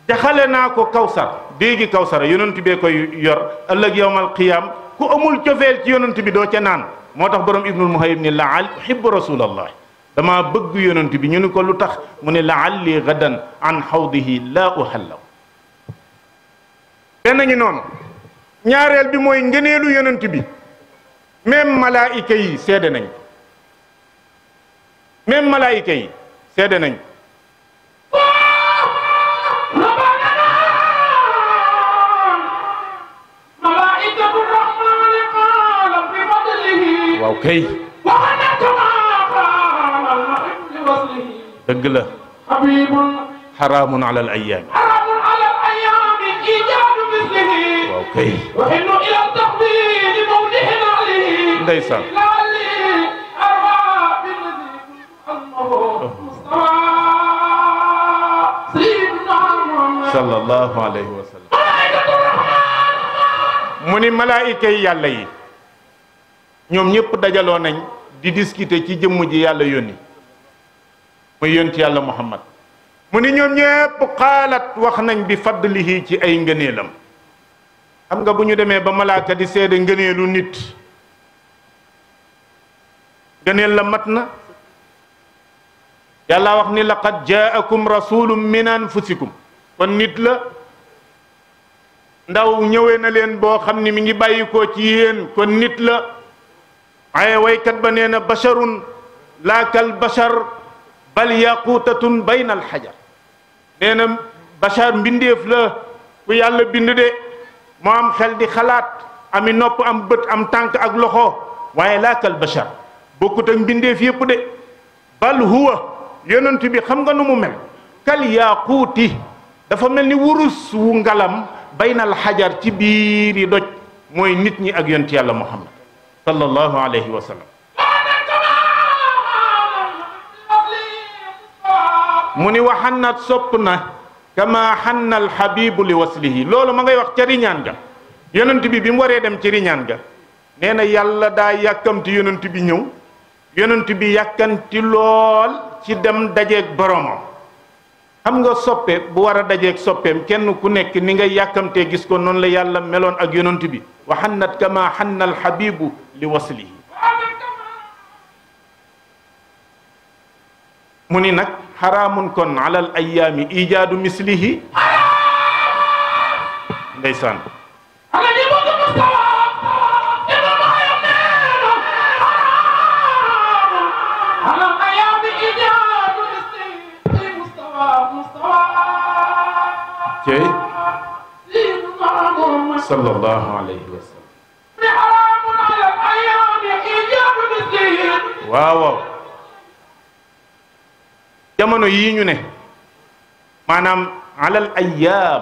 A: jaxale naa ko kawsar déegi kawsara yonent bee koy yor ëllëg yowm alqiyama ku amul cofeel ci yonent bi doo ca naan moo tax borom ibnul muhayyib ni la uhibbu rasulallah dama bëgg yonent bi ñu ni ko lu tax mu ne laalli gadan an xawdihi laa uhallaw benn ngi noonu ñaareel bi mooy ngëneelu yonent bi même malaayika yi seede nañ même malaayika yi seede nañ kay dëgg la xaraamun ala al
B: ayaami waaw kay ndeysaan
A: sallallahu alayhi wa sallam mu ni malaayika yi yàlla yi ñoom ñëpp dajaloo nañ di discuter ci jëmm ji yàlla yónni muy yónti yàlla muhammad mu ni ñoom ñëpp xaalat wax nañ bi fadlihi ci ay ngëneelam xam nga bu ñu demee ba malaaka di seede ngëneelu nit ngëneel la mat na yàlla wax ni laqad jaakum rasulun minaan anfusikum kon nit la ndaw ñëwee na leen boo xam ni mi ngi bàyyikoo ci yéen kon nit la waaye waykat ba nee na basharun laa kal bashar bal yaquutatun bayna alxajar nee na bashar mbindeef la ku yàlla bind de moo am xel di xalaat ami nopp am bët am tànk ak loxo waaye laa kal bashar bokkut ak mbindeef yépp de bal huwa yonent bi xam nga nu mu mel kal yaquuti dafa mel ni wurus wu ngalam baynal xajar ci yi doj mooy nit ñi ak yonent yàlla muhammad sallallahu alayhi wa mu ni waxannat sopp na kama xanna alxabibu li waslihi loolu ma ngay wax ca riñaan ga yonent bi bi mu waree dem ci riñaan ga nee na yàlla daa yàkkamti yonent bi ñëw yonent bi yàkkanti lool ci dem dajeeg boromam xam nga soppe bu war a dajeeg soppeem kenn ku nekk ni nga yàkkamtee gis ko noonu la yàlla meloon ak yonent bi wa xannat kama xanna alxabibu li waslihi mu ni nag xaraamun kon ala al ayaami ijaadu mislihi ndeysaan sallallahu alayhi wa sallam waaw waaw jamono yii ñu ne maanaam alal ayyaam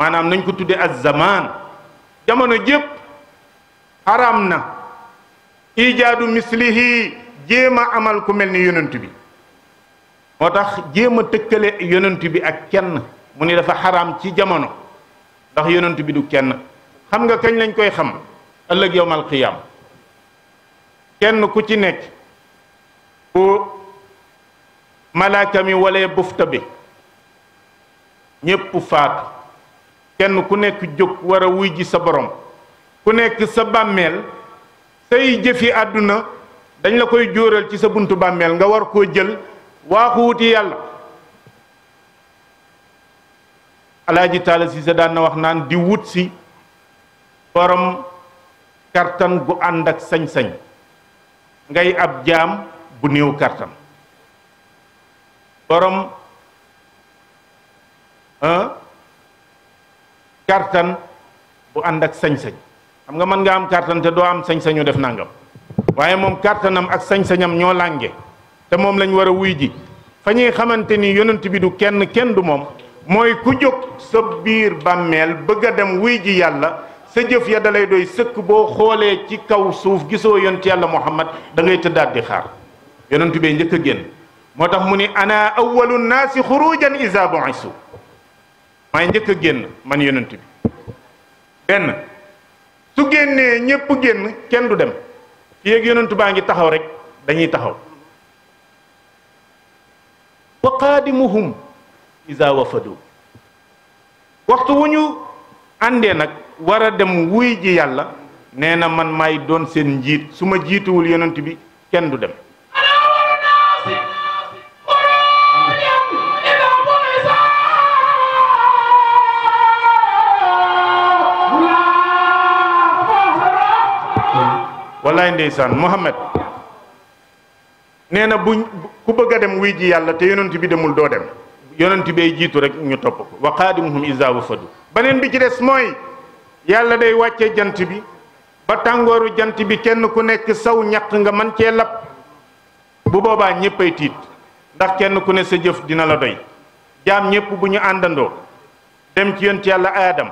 A: maanaam nañ ko tudde ak zamaan jamono jépp xaraam na ijaadu mislihi jéem a amal ku mel ni yonent bi moo tax jéem a tëkkale yonent bi ak kenn mu ni dafa xaraam ci jamono ndax yonent bi du kenn xam nga kañ lañ koy xam ëllëg yowmal qiyaam kenn ku ci nekk bu malaaka mi walee bufta bi ñépp faatu kenn ku nekk jóg war a wuy ji sa borom ku nekk sa bàmmeel say jëfi àdduna dañ la koy jóoral ci sa buntu bàmmeel nga war koo jël waaxu yàlla alaaji taala si sa daan na wax naan di wut si borom kartan gu ànd sañ-sañ ngay ab jaam bu néew kartan borom ah, kartan bu ànd ak sañ-sañ xam nga mën nga am kartan te doo am sañ-sañu def nangam waaye moom kartanam ak sañ-sañam ñoo lànge te moom lañ war a wuy ji fa ñuy xamante ni yonent bi du kenn kenn du moom mooy ku jóg sa biir bàmmeel bëgg a dem wuy ji yàlla sa jëf ya dalay doy sëkk boo xoolee ci kaw suuf gisoo ci yàlla muhammad da ngay tëddaat di xaar yonentu bee njëkk a génn moo tax mu ni ana awalu naasi xurujan isa bu'isu maay njëkk a génn man yonent bi benn su génnee ñépp génn kenn du dem fi ak yonentu baa ngi taxaw rek dañuy taxaw wa isa wafadu waxtu wu ñu àndee nag war a dem wuy ji yàlla nee na man may doon seen njiit su ma jiituwul yonent bi kenn du dem wallaay ndeysaan Mohamed nee na bu ku bëgg a dem wuy ji yàlla te yonent bi demul doo dem yonent bay jiitu rekk ñu topp ko wa qaadimuhum iza wafadu beneen bi ci des mooy yàlla day wàcce jant bi ba tàngooru jant bi kenn ku nekk saw ñaq nga man cee lab bu boobaa ñéppay tiit ndax kenn ku ne sa jëf dina la doy jaam ñépp bu ñu àndandoo dem ci yonent yàlla aadam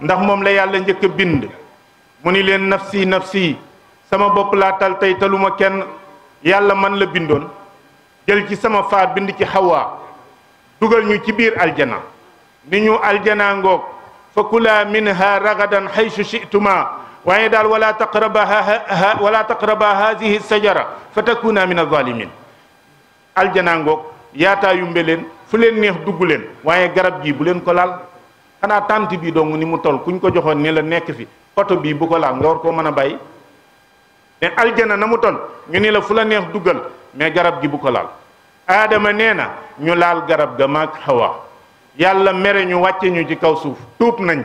A: ndax moom la yàlla njëkk bind mu ni leen nafsi nafsi sama bopp laa tal tey taluma kenn yàlla man la bindoon jël ci sama faar bind ci xawaa dugal ñu ci biir aljana ni ñu aljana ngoog fa kulaa minha ragadan haysu chituma waaye daal wala taqraba wala taqraba hadihi sajara fa takuna min azalimin aljana ngoog yaataa yumbe leen fu leen neex dugg leen waaye garab gi bu leen ko laal xanaa tànt bii dong ni mu tol kuñ ko joxoon ni la nekk fi oto bii bu ko laal nga war koo mën a bàyyi mais aljana na mu tol ñu ni la fu la neex duggal mais garab gi bu ko laal aadama nee na ñu laal garab ga maag xawa yàlla mere ñu wàcce ñu ci kaw suuf tuub nañ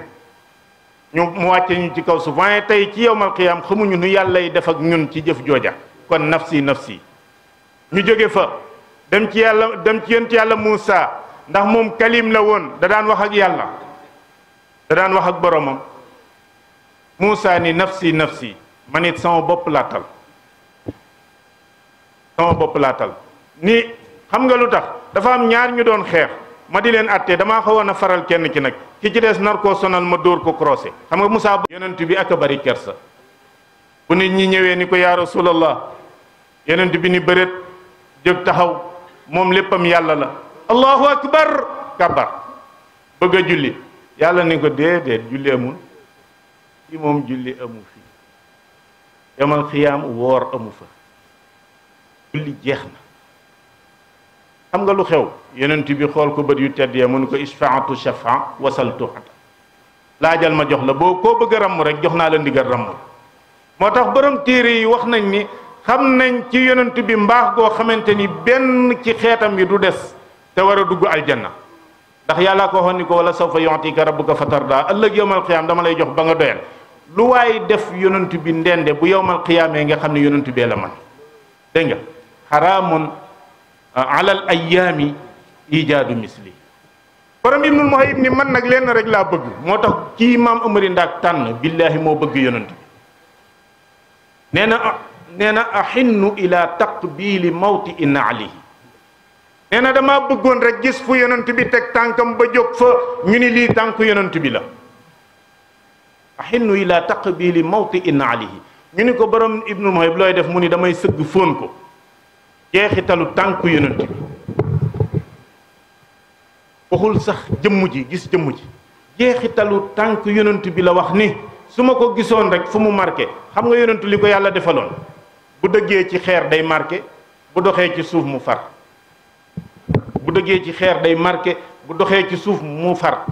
A: ñu mu wàcce ñu ci kaw suuf waaye tey ci yowmal am xamuñu nu yàlla yi def ak ñun ci jëf jooja kon nafsi nafsi ñu jóge fa dem ci yàlla dem ci yent yàlla Muusa ndax moom kalim la woon da daan wax ak yàlla da daan wax ak boroomam Muusa ni nafsi nafsi man it sama bopp laatal sama bopp laatal ni xam nga lu tax dafa am ñaar ñu doon xeex ma di leen àtte damaa xawoon a faral kenn ki nag ki ci des nar koo sonal ma dóor ko croisé xam nga Moussa yonent bi ak a bari kersa bu nit ñi ñëwee ni ko yaa rasulallah yonent bi ni bëreet jóg taxaw moom léppam yàlla la allahu akbar kabar bëgg a julli yàlla ni ko déedéet julli amul ci moom julli amu fi yamal xiyaam woor amu fa julli jeex na xam nga lu xew yonent bi xool ko bët yu tedd ya mu ne ko isfaatu shafa wasal tuxata laajal ma jox la boo koo bëgg a rek jox naa la ndigal ràmm moo tax borom téere yi wax nañ ni xam nañ ci yonent bi mbaax goo xamante ni benn ci xeetam yi du des te war a dugg aljanna ndax yàllaa ko waxoon ni ko wala sawfa yu'tika rabbuka fatarda ëllëg yowmal qiyaam dama lay jox ba nga doyal lu waaye def yonent bi ndende bu yowmal qiyaamee nga xam ne yonent bee la man alal ayyaami ijaadu misli borom Ibnul Muhayyib ni man nag lenn rek laa bëgg moo tax kii maam Amari Ndaak tànn billaahi moo bëgg yonent bi nee na nee na ahinnu nee na damaa bëggoon rek gis fu bi teg tànkam ba jóg ñu ni lii tànk yonent bi la ahinnu ila taqbili mawti in alihi ñu ni ko borom Ibnul Muhayyib looy def mu ni damay sëgg foon ko jeexitalu tànku yonent bi waxul sax jëmm ji gis jëmm ji jeexitalu tànk yonent bi la wax ni su ma ko gisoon rek fu mu marqué xam nga yonent li ko yàlla defaloon bu dëggee ci xeer day marqué bu doxee ci suuf mu far bu dëggee ci xeer day marqué bu doxee ci suuf mu far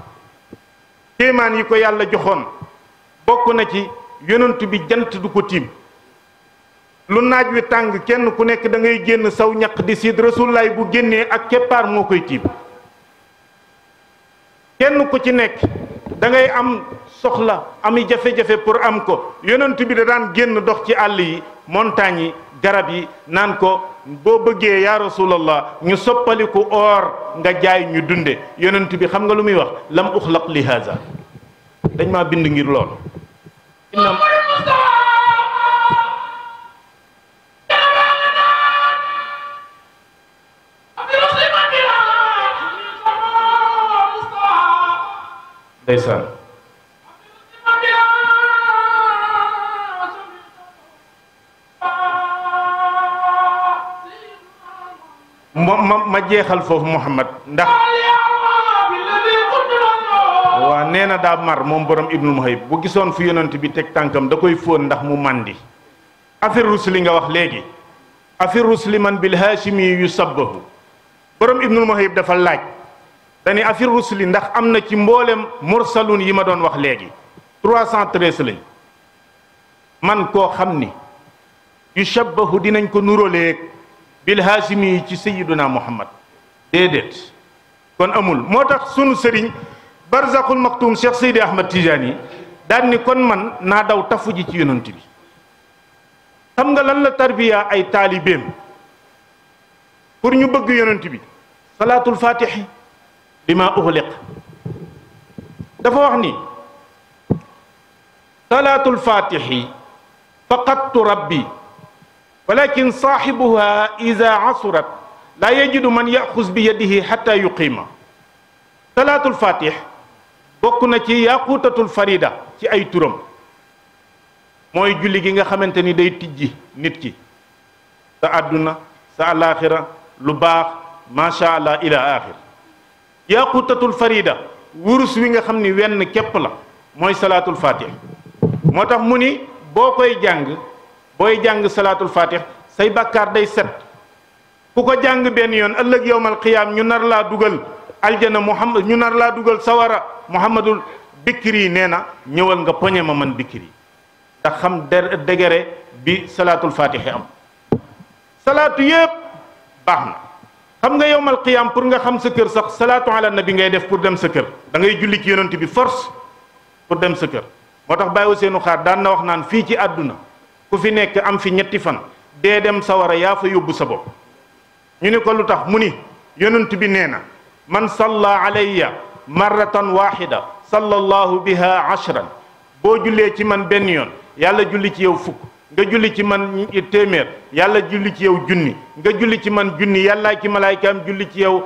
A: kéemaan yi ko yàlla joxoon bokk na ci yonent bi jant du ko tiim lu naaj wi tàng kenn ku nekk dangay génn saw ñaq di siid rasulaay bu génnee ak keppaar moo koy tiim kenn ku ci nekk dangay am soxla ami jafe-jafe pour am ko yonent bi da daan génn dox ci àll yi montagne yi garab yi naan ko boo bëggee yaa rasulallah ñu soppaliku or nga jaay ñu dunde yonent bi xam nga lu muy wax lam uxlaq li haza dañ maa bind ngir lool ndeysaan jeexal foofu Muhammad ndax waa nee na daa mar moom borom ibnu muhayib bu gisoon fu yonent bi teg tànkam da koy fóon ndax mu màndi afi rusli nga wax léegi afi rusli man bil haashimi yu sabbahu borom ibnu muhayib dafa laaj dañuy afir rusuli ndax am na ci mboolem mursalun yi ma doon wax léegi trois cent treize lañ man koo xam ni yu shabbahu dinañ ko nuróoleeg bil haasimi yi ci sayiduna muhammad déedéet kon amul moo tax sunu sëriñ barzaxul maktum cheikh seydi ahmad tijaani yi daan ni kon man naa daw tafu ci yonent bi xam nga lan la tarbiya ay taalibeem pour ñu bëgg yonent bi salaatul faatihi bi ma uxliq dafa wax ni salaatul fatixi faqadtu rabbi walakin saaxibuha ida asurat laa yajidu man yaxus bi yadihi xata yuqiima salaatul fatix bokk na ci yaquutatul farida ci ay turam mooy julli gi nga xamante ni day tijji nit ki sa àdduna sa alaaxira lu baax macha allah ila axir yaqutatul farida wurus wi nga xam ni wenn képp la mooy salaatul fatih moo tax mu ni boo koy jàng booy jàng salaatul fatih say bàkkaar day set ku ko jàng benn yoon ëllëg yowmal qiyaam ñu nar laa dugal aljana muhammad ñu nar laa dugal sawara muhammadul bikkir yi nee na ñëwal nga poñe ma man bikkir yi ndax xam degere bi salaatul fatih am salaatu yépp baax na xam nga yowmal qiyaam pour nga xam sa kër sax salaatu ala nabi ngay def pour dem sa kër da julli ci yonent bi force pour dem sa kër moo tax bàyyi seenu xaar daan na wax naan fii ci àdduna ku fi nekk am fi ñetti fan dee dem sawara yaa fa yóbbu sa bopp ñu ni ko lu tax mu ni yonent bi nee na man salla maratan waaxida waxida sallallahu biha ashran boo jullee ci man benn yoon yàlla julli ci yow fukk nga julli ci man téeméer yàlla julli ci yow junni nga julli ci man junni yàllaa ki malaaykaam julli ci yow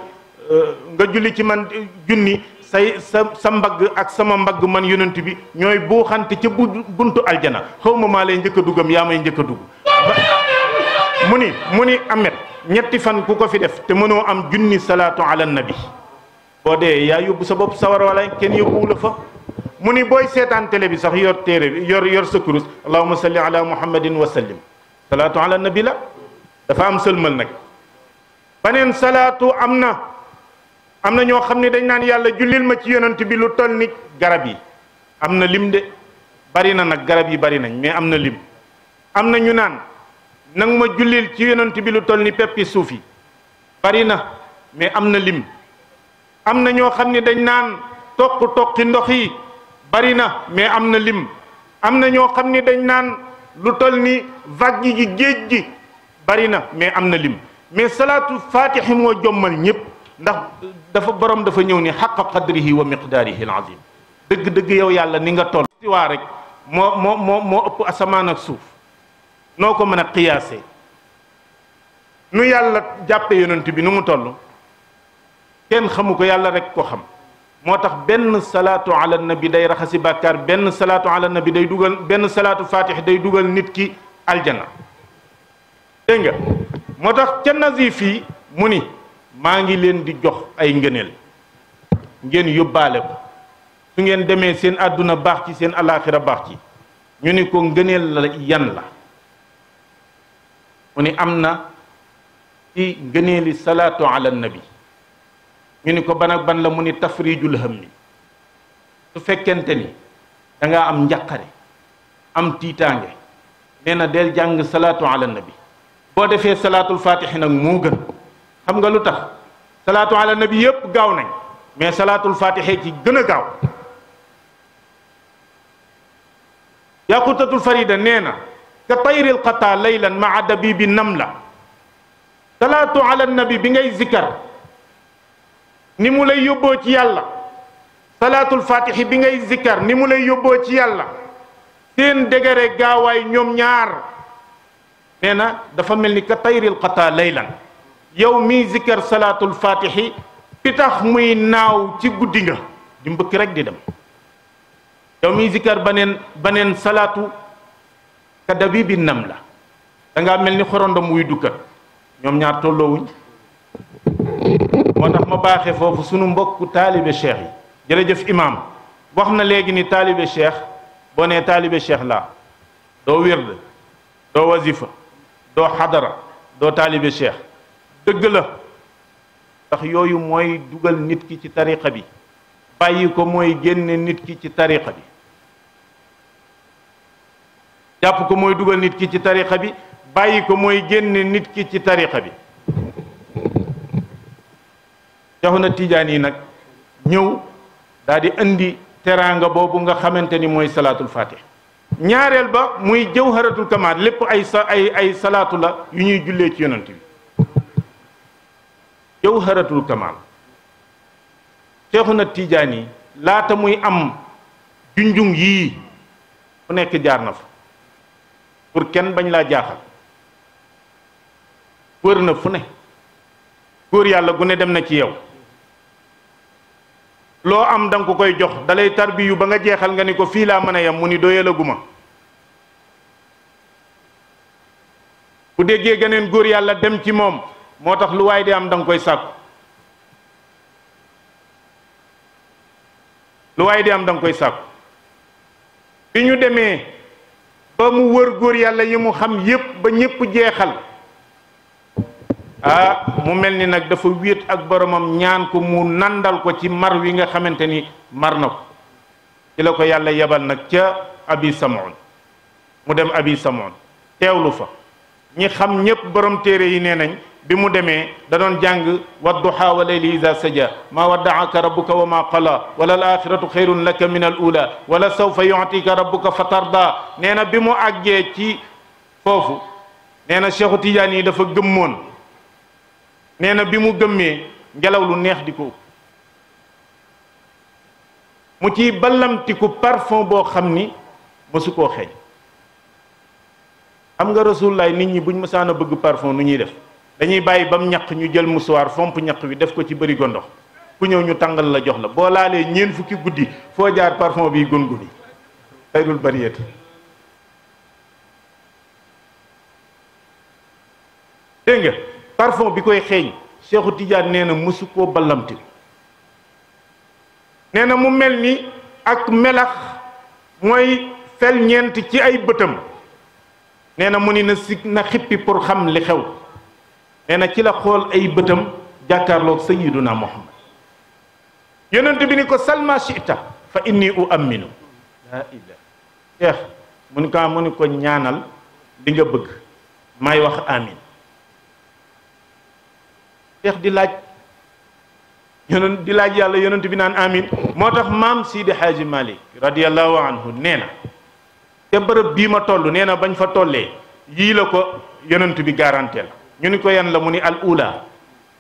A: euh, nga julli ci man junni say sa sa mbagg ak sama mbagg man yonent bi ñooy buuxante ca buntu aljana xawma maa lay njëkk duggam yaa may njëkk a dugg mu ni mu ni amet ñetti fan ku ko fi def te mënoo am junni salaatu ala nabi boo dee yaa yóbbu sa bopp sawar wala kenn yóbbuwu fa mu ni booy seetaan télé bi sax yor téere bi yor yor sa kurus allahumma salli ala muhammadin wa sallim salaatu ala nabi la dafa am sëlmal nag baneen salaatu am na am na ñoo xam ne dañ naan yàlla jullil ma ci yonent bi lu toll ni garab yi am na lim de bari na nag garab yi bari nañ mais am na lim am na ñu naan nang ma jullil ci yonent bi lu toll ni peppi suuf yi bari na mais am na lim am na ñoo xam ne dañ naan toq toqi ndox yi bari na mais am na lim am na ñoo xam ni dañ naan lu tol ni vague gi géej gi bari na mais am na lim mais salaatu fatihi moo jommal ñëpp ndax dafa borom dafa ñëw ni xaqa qadrihi wa miqdaarihi al azim dëgg-dëgg yow yàlla ni nga toll istiwaa rek moo moo ëpp asamaan ak suuf noo ko mën a qiyaasee nu yàlla jàppe yonent bi nu mu toll kenn xamu ko yàlla rek ko xam moo tax benn salaatu ala nabi day raxasi bàkkaar benn salaatoo ala nabi day dugal benn salaatu fatix day dugal nit ki aljana dégg moo tax ca nazif yi mu ni maa ngi leen di jox ay ngëneel ngeen yóbbaale ko su ngeen demee seen àdduna baax ci seen alaaxira baax ci ñu ni ko ngëneel la yan la mu ni am na ci ngëneeli salaatu ala nabi ñu ni ko banag ban la mu ni tafrijul hammi su fekkente ni danga am njàqare am tiitaange nee na del jàng salaatu ala nabi boo defee salaatul fatixi nag moo gën xam nga lu tax salaatu ala nabi yépp gaaw nañ mais salaatul fatixi ci gën a gaaw yaqutatul farida nee na ka tayril qataa laylan maa dabibi nam la salaatu ala nabi bi ngay zikkar ni mu lay yóbboo ci yàlla salaatul faatixi bi ngay sikkar ni mu lay yóbboo ci yàlla seen degere gaawaay ñoom ñaar nee na dafa mel ni ka tayril xataa laylan yow miy zikkar salaatul faatixi pi tax muy naaw ci guddi nga di mbëkk rek di dem yow miy zikkar baneen baneen salaatu ka dabibi nam la da mel ni xorondom wuy dukkat ñoom ñaar tolloowuñ moo tax ma baaxee foofu sunu mbokku taalibe cheikh yi jërëjëf imaam wax na léegi ni taalibe cheikh boo nee taalibe cheikh laa doo wird doo wazifa doo xadara doo taalibe cheikh dëgg la ndax yooyu mooy dugal nit ki ci tariqa bi bàyyi ko mooy génne nit ki ci tariqa bi jàpp ko mooy dugal nit ki ci tariqa bi bàyyi ko mooy génne nit ki ci tariqa bi Seexuna tiijaan yi nag ñëw daal di indi teraanga boobu nga xamante ni mooy salaatul fatih ñaareel ba muy jëw jawharatul kamaal lépp ay sa ay salaatu la yu ñuy jullee ci yonent bi jawharatul kamaal na tiijaan yi laata muy am junjung yii fu nekk jaar na fa pour kenn bañ laa jaaxal wër na fu ne góor yàlla gu ne dem na ci yow loo am da ko koy jox dalay tarbiyu ba nga jeexal nga ni ko fii laa mën a yem mu ni doyalaguma bu déggee geneen góor yàlla dem ci moom moo tax lu waaye di am danga koy sàkku lu waay di am danga koy sàkku bi ñu demee ba mu wër góor yàlla yi mu xam yépp ba ñépp jeexal ah mu mel ni nag dafa wéet ak boromam ñaan ko mu nandal ko ci mar wi nga xamante ni mar na ko ci la ko yàlla yebal nag ca abi samoon mu dem abi samoon teewlu fa ñi xam ñépp borom téere yi nee nañ bi mu demee da doon jàng wadduha wa layli ida saja maa waddaaka rabbuka wa maa qala wala al axiratu xayrun min al ula wala sawfa yutika rabbuka fa tarda nee na bi mu àggee ci foofu nee na cheikhu tidiane yi dafa gëmmoon nee na bi mu gëmmee ngelaw lu neex di ko mu ciy ballamtiku parfum boo xam ni mësu koo xeeñ xam nga rasulullaay nit ñi buñ mësaana bëgg parfum nu ñuy def dañuy bàyyi ba mu ñaq ñu jël musuwaar fomp ñaq wi def ko ci bërigo ndox ku ñëw ñu tàngal la jox la boo laalee ñeen fukki guddi foo jaar parfum bi gunguni xayrul bariyati dégg nga parfum bi koy xeeñ Seexu Tijaan nee na mësu koo ballamte nee na mu mel ni ak melax mooy fel ñeent ci ay bëtam nee na mu ni na sig na xippi pour xam li xew nee na ci la xool ay bëtam jàkkaarloog sayiduna muhammad yonent bi ni ko salma chita fa inni u aminu ko mu ni ko ñaanal li nga bëgg may wax amin Seex di laaj yonent di laaj yàlla yonent bi naan amin moo tax maam Sidi Xaaji Malik radiallahu anhu nee na te bërëb bii ma toll nee na bañ fa tollee yii la ko yonent bi garanteel ñu ni ko yan la mu ni al ula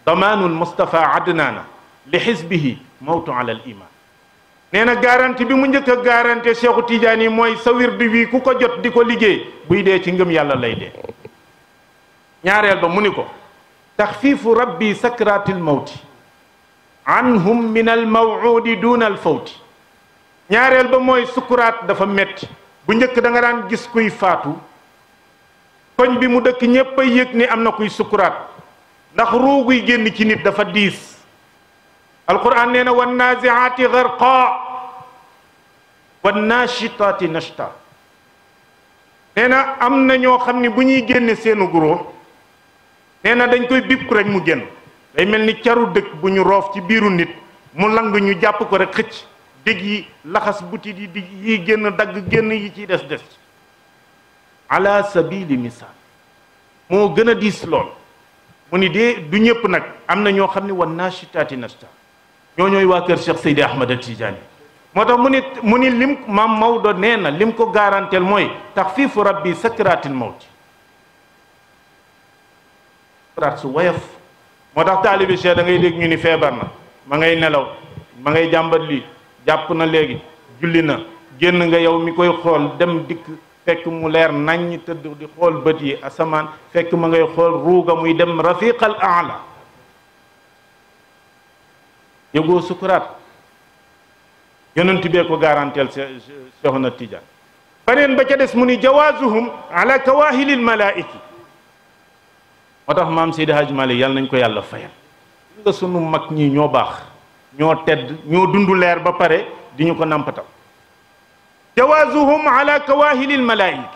A: damaanul Mustafa Adnaana li xisbihi mawtu ala al nee na garanti bi mu njëkk a garanti Seexu Tiijaan yi mooy sa wird wi ku ko jot di ko liggéey buy dee ci ngëm yàlla lay dee ñaareel ba mu ni ko taxfiifu rabbi sakraatil mawti anhum min al mawuudi duuna al ñaareel ba mooy sukuraat dafa metti bu njëkk danga daan gis kuy faatu koñ bi mu dëkk ñéppa a yëg ni am na kuy sukuraat ndax ruuguy génn ci nit dafa diis alquran nee na wannaziaati garqa wannashitaati nashta nee na am na ñoo xam ne bu ñuy génne seenu guroo nee na dañ koy bipp ko mu génn day mel ni caru dëkk bu ñu roof ci biiru nit mu lang ñu jàpp ko rek xëcc dég yi laxas butit yi di yi génn dagg génn yi ci des des ala sabili misaal moo gën a diis lool mu ni dee du ñëpp nag am na ñoo xam ne wan naashitaati nashta ñoo ñooy waa kër Cheikh Seydi Ahmad Tijaani moo tax mu ni mu ni lim maam Maodo nee na lim ko garanteel mooy tax fiifu rabbi sakraatil ci saraat su woyof moo tax taalibi Cheikh da ngay dégg ñu ni feebar na ma ngay nelaw ma ngay jàmbat lii jàpp na léegi julli na génn nga yow mi koy xool dem dikk fekk mu leer naññ tëdd di xool bët yi asamaan fekk ma ngay xool ruuga muy dem rafiqal aala yëgoo sukuraat yonent bee ko garanteel Cheikhuna Tidiane beneen ba ca des mu ni jawaazuhum ala kawaahilil malaa'iki moo tax maam Seydi Hadj Malick yàlla nañ ko yàlla fayal nga sunu mag ñi ñoo baax ñoo tedd ñoo dund leer ba pare di ñu ko nàmpatal jawaazuhum ala kawaahilil malaayik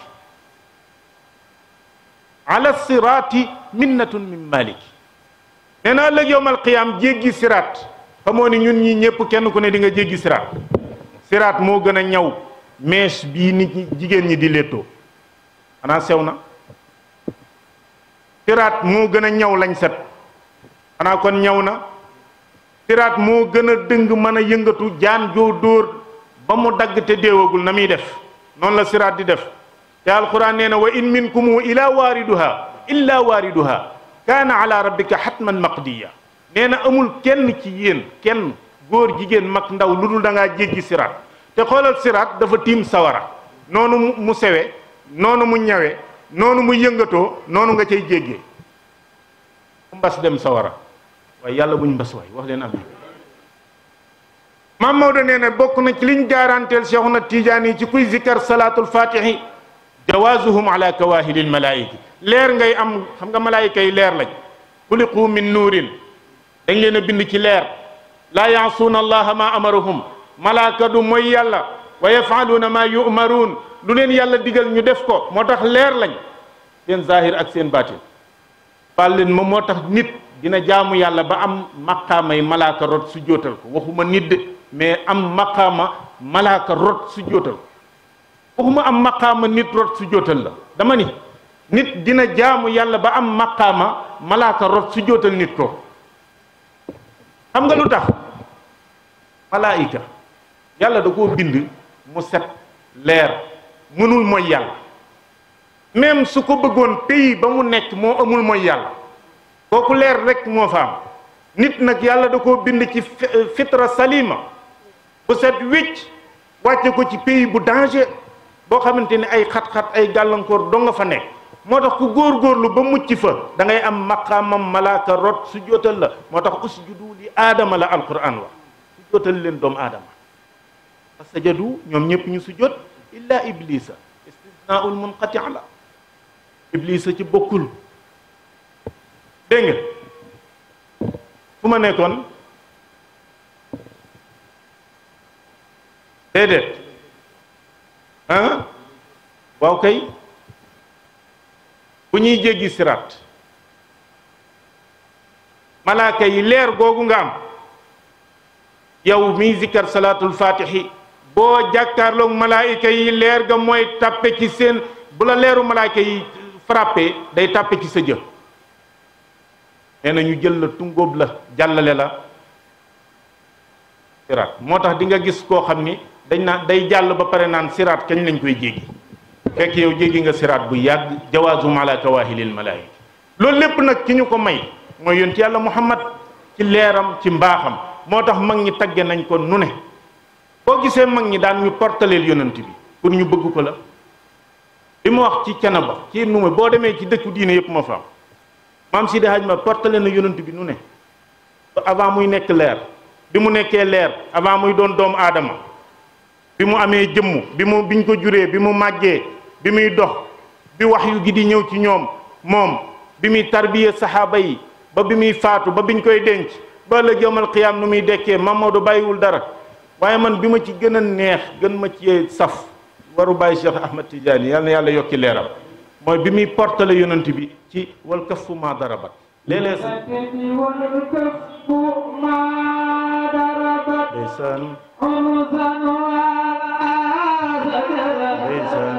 A: ala siraati minnatun min malik nee naa lëg qiyaam jéggi siraat xamoo ni ñun ñi ñëpp kenn ku ne di nga jéggi siraat siraat moo gën a ñaw mèche bii nit ñi jigéen ñi di léttoo xanaa sew na siraat moo gën a ñaw lañ set xanaa kon ñaw na siraat moo gën a dëng mën a yëngatu jaan joo dóor ba mu dagg te déewagul na muy def noonu la siraat di def te alquran nee na wa in minkumu ila waariduha illa waariduha kaana ala rabbika xatman maqdiya nee na amul kenn ci yéen kenn góor jigéen mag ndaw lu dul da ngaa jéggi siraat te xoolal siraat dafa tiim sawara noonu mu sewe noonu mu ñawe noonu muy yëngatoo noonu nga cay jéggee ku mbas dem sawara waaye yàlla buñ mbas waay wax leen am maam Maodo nee na bokk na ci liñ gaaranteel Seexuna Tiijaan yi ci kuy zikkar salaatul faatihi jawaazuhum ala kawaahilil malaayika leer ngay am xam nga malaayika yi leer lañ xuliqu min nuurin dañ leen a bind ci leer laa yaasuuna allaha ma amarahum malaaka du mooy yàlla wa yafaluuna maa yumaruun lu leen yàlla digal ñu def ko moo tax leer lañ seen zahir ak seen baatin baal leen ma moo tax nit dina jaamu yàlla ba am maqaamay malaaka rot su jootal ko waxuma nit mais am maqaama malaaka rot su jootal ko waxuma am maqaama nit rot su la dama ni nit dina jaamu yàlla ba am maqaama malaaka rot su jootal nit ko xam nga lu tax malaayika yàlla da koo bind mu set leer mënul mooy yàlla même su ko bëggoon pays ba mu nekk moo amul mooy yàlla kooku leer rek moo fa am nit nag yàlla da koo bind ci euh, fitra salima bu set wécc wàcce ko ci pays bu danger boo xamante ni ay xat-xat ay gàllankoor doo nga fa nekk moo tax ku góorlu ba mucc fa da ngay am maqaamam malaaka rot su jootal la moo tax usjudu li aadama la alquran wax su jootal leen doomu aadama fa sajadu ñoom ñëpp ñu sujjóot illa iblisa istisnaul munqati la iblisa ci bokkul dégg nga fu ma nekkoon déedéet ah waaw kay bu ñuy jéggi siraat malaaka yi leer googu nga am yow miy zikkar salaatul faatixi boo jàkkaarloog malaayika yi leer ga mooy tàppe ci seen bu la leeru malaayika yi frappé day tàppe ci sa jë nee na ñu jël la tungóob la jàllale la siraat moo tax di nga gis koo xam ni dañ naan day jàll ba pare naan siraat kañ lañ koy jéggi fekk yow jéggi nga siraat bu yàgg jawaazum ala kawaahilil malaayika loolu lépp nag ki ñu ko may mooy yonent yàlla muhammad ci leeram ci mbaaxam moo tax mag ñi tagge nañ ko nu ne boo gisee mag ñi daan ñu portaleel yonent bi pour ñu bëgg ko la li mu wax ci canaba ci nume boo demee ci dëkku diine yëpp moo fa am maam Sidi Hadj ma portale na yonent bi nu ne avant muy nekk leer bi mu nekkee leer avant muy doon doomu aadama bi mu amee jëmm bi mu biñ ko juree bi mu màggee bi muy dox bi wax yu gi di ñëw ci ñoom moom bi muy tarbiye saxaaba yi ba bi muy faatu ba biñ koy denc ba la jëmal xiyaam nu muy dekkee Mamadou bàyyiwul dara waaye man bi ma ci gën a neex gën ma ci saf waru bàyyi Cheikh Ahmad Tidiane yal na yàlla yokki leeram mooy bi muy portale yonent bi ci wal kaffu maa darabat léeg-léeg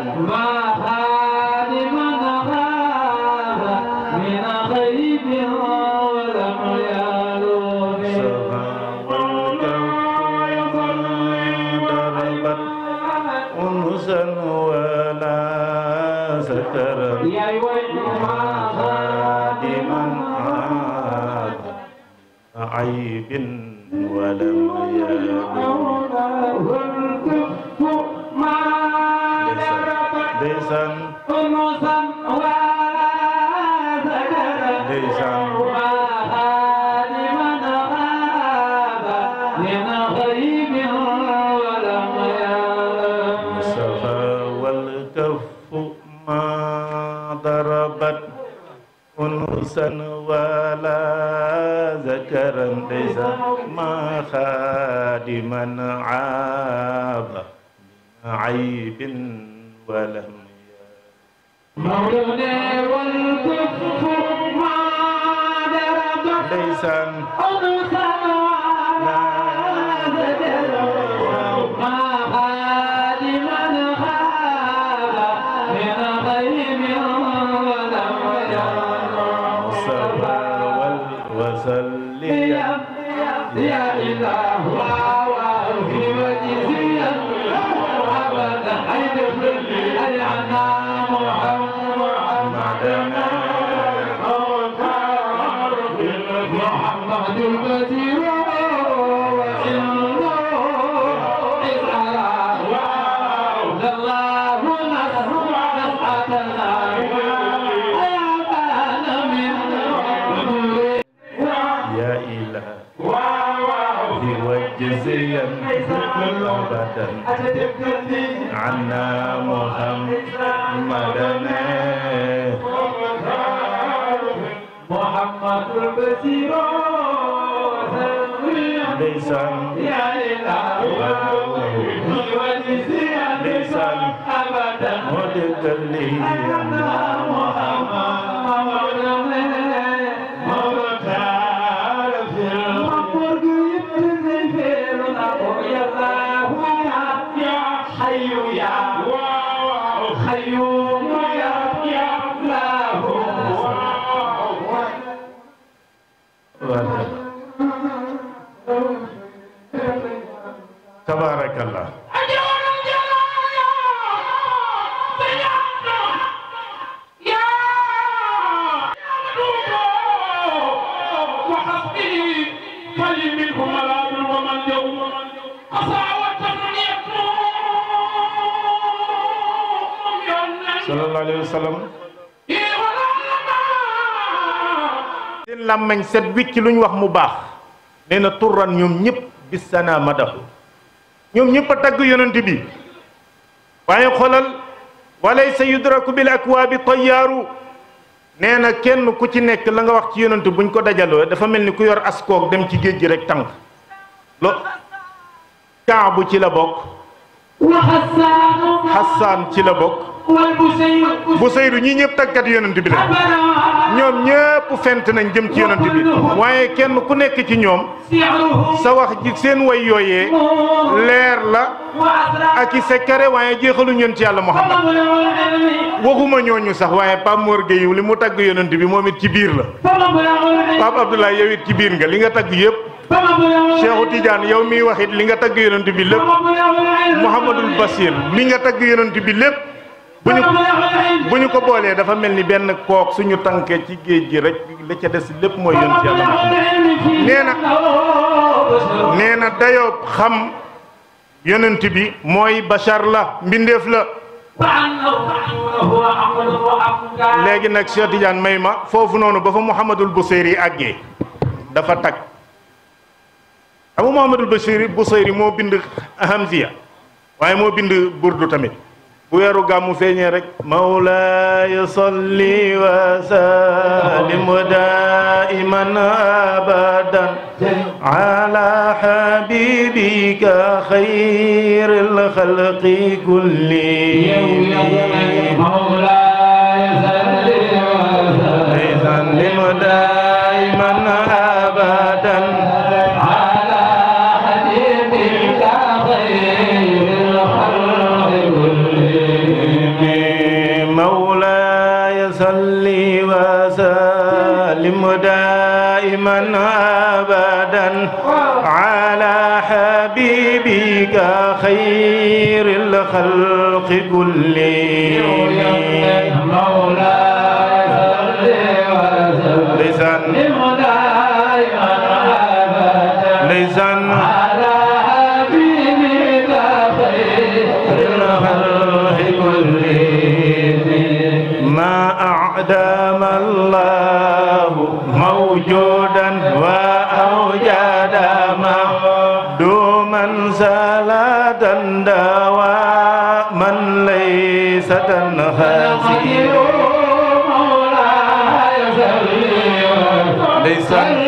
B: ndeysaan
A: ولم يكن
B: له الكف ما لرب ليسا انوثا ولا ذكرا ليسا
A: أنوثا ولا ذكرا ليسا ما خادما عاب عيب ولم
B: مولانا والكفر ما درب
A: ليسا أجدب جندي عنا
B: محمدا محمد البشير ليسا يا لله ولسيا ليسا أبدا
A: مدد لي nañ set wicc lu ñu wax mu baax nee na turran ñoom ñëpp bis naa ma madahu ñoom ñëpp a tagg yonent bi waaye xoolal walaysa yudraku bi akwaabi yaaru nee na kenn ku ci nekk la nga wax ci yonent buñ ko dajaloo dafa mel ni ku yor askook dem ci géej gi rek tànk lo kaabu ci la bokk saan ci la bokk bu Seydu ñi ñëpp tagkat yonent bi la ñoom ñëpp fent nañ jëm ci yonent bi waaye kenn ku nekk ci ñoom sa wax ji seen way yooyee leer la ak i sekkare waaye jeexalu ñun ci yàlla Muhammad waxuma ñooñu sax waaye Pape Mor Gueye li mu tagg yonent bi moom it ci biir la Pape Abdoulaye yow ci biir nga li nga tagg yëpp Cheikhu Tidiane yow mi waxit li nga tagg yonent bi lépp Mouhamadul Basir li nga tagg yonent bi lépp bu ñu ko boolee dafa mel ni benn kook suñu tànkee ci géej gi rek li ca des lépp mooy yonent yàlla nee na nee na dayoo xam yonent bi mooy bachar la mbindeef la léegi nag Cheikh Tidiane may ma foofu noonu ba fa Mouhamadul yi àggee dafa tag abu muhammadul bashir busayri moo bind hamziya waaye moo bind burdu tamit bu weeru gàmmu feeñee rek mawlaaya salli wa salim daiman abadan ala habibika xayril xalqi kulli الخلق كلهم
B: مولاي
A: صل وسلم Ndeysaan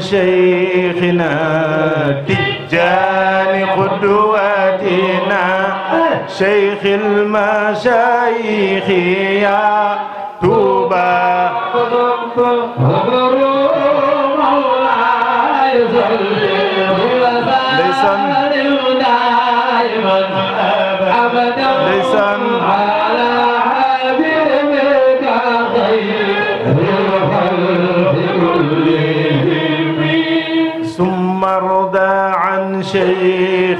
A: شيخنا تجان قدوتنا
B: شيخ المشايخ يا توبى ليسن دائما ابدا ليسن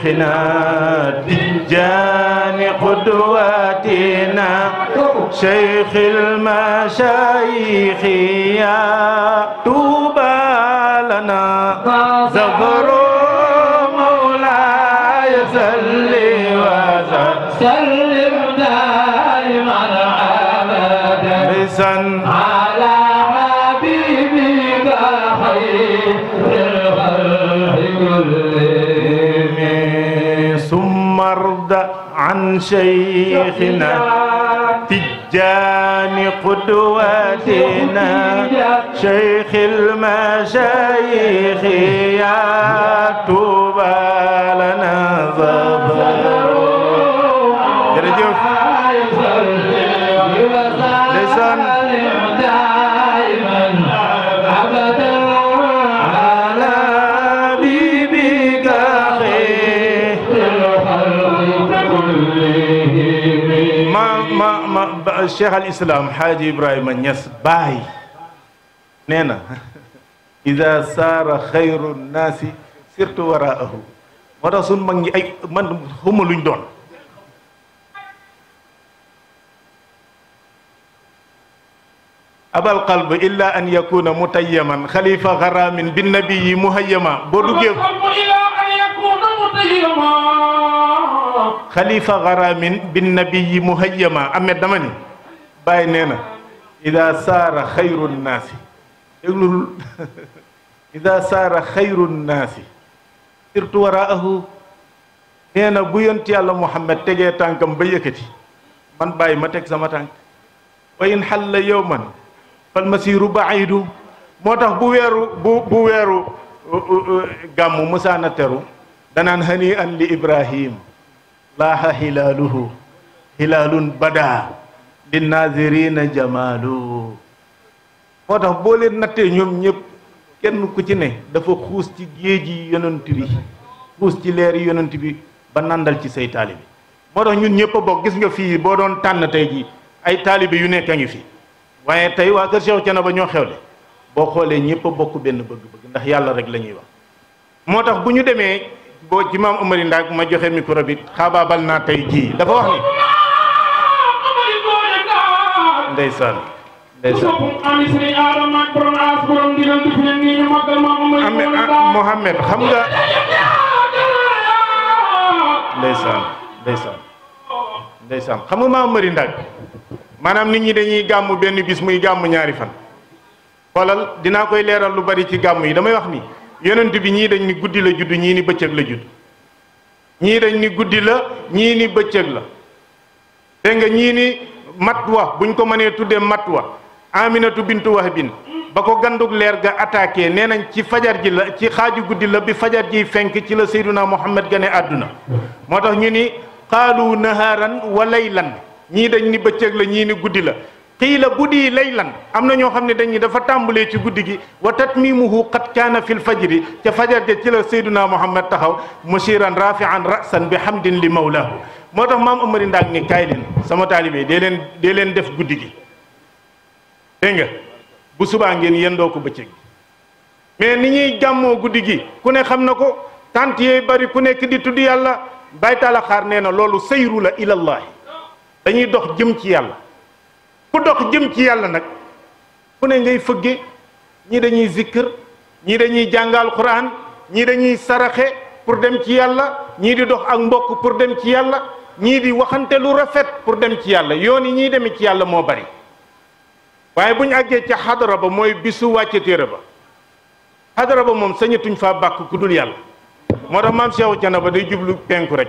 A: شيخنا تجان قدواتنا شيخ المشايخ
B: يا تو
A: عن شيخنا تجان قدوتنا شيخ المشايخ يا توبى لنا ظهر al cheikh al islam xaaji ibrahima ñes baay nee na ida saara xayru naasi surtout waraahu moo tax suñ mag ñi ay man xuma luñ doon abal qalb illa an yakuna mutayyaman xalifa xaraamin bi nabiyi muhayyama boo duggee xalifa xaraamin bi nabiyi muhayyama amet dama ni bàyyi nee na ida saara xayru nnaasi déglul ida saara xayru nnaasi surtout waraahu nee na bu yont yàlla tegee tànkam ba yëkkati man bàyyi ma teg sama tànk wa in xalla yowman fal masiru baidu moo tax bu weeru bu bu weeru gàmmu musaana teru danaan hani an li ibrahim laaha hilaaluhu hilaalun badaa na jamaalu moo tax boo leen nattee ñoom ñëpp kenn ku ci ne dafa xuus ci géej yi yonent bi xuus ci leer yi yonent bi ba nandal ci say taalibe moo tax ñun ñëpp a bokk gis nga fii boo doon tànn tey jii ay taalibi yu nekk a ngi fi waaye tey waa kër Cheikh ba ñoo xewle boo xoolee ñëpp a bokk benn bëgg-bëgg ndax yàlla rek la ñuy wax moo tax bu ñu demee boo ci maam Amari Ndak ma joxe micro bi xaabaabal naa tey jii dafa wax ni ndeysaan ndeysaan ah, Mohamed xam nga ndeysaan ndeysaan ndeysaan xam nga maam Mari Ndak maanaam nit ñi dañuy gàmm benn bis muy gàmm ñaari fan xoolal dinaa koy leeral lu bari ci gàmm yi damay wax ni yonent bi ñii dañ ni guddi la judd ñii ni bëccëg la judd ñii dañ ni guddi la ñii ni bëccëg la dégg nga ñii ni bu ñu ko mënee tuddee matwa aminatu bintu wahbin ba ko gandug leer ga attaqué nee nañ ci fajar ji la ci xaaju guddi la bi fajar jiy fenk ci la sayduna muhammad gane àdduna moo tax ñu ni qaalu naharan wa lan ñii dañ ni bëccëg la ñii ni guddi la la qiila budi lan am na ñoo xam ne dañuy dafa tàmbalee ci guddi gi wa tatmimuhu qad kaana fi lfajri ca fajar ja ci la sayduna muhammad taxaw mushiran rafian rasan bi xam hamdin li mawlahu moo tax maam amari ndaag ni kaay leen sama taalibe dee leen dee leen def guddi gi dégg nga bu subaa ngeen yendoo ko bëccëg mais ni ñuy gàmmoo guddi gi ku ne xam na ko tant yooyu bari ku nekk di tudd yàlla baytaala xaar nee na loolu sayru la ilallahi dañuy dox jëm ci yàlla ku dox jëm ci yàlla nag fu ne ngay fëgge ñii dañuy zikkër ñii dañuy jàngal quran ñii dañuy saraxe pour dem ci yàlla ñii di dox ak mbokk pour dem ci yàlla ñii di waxante lu rafet pour dem ci yàlla yoon yi ñuy demee ci yàlla moo bari waaye bu ñu àggee ca xadara ba mooy bisu wàcce téere ba xadara ba moom sañatuñ faa bàkk ku dul yàlla moo tax maam na Thiénaba day jublu penku rek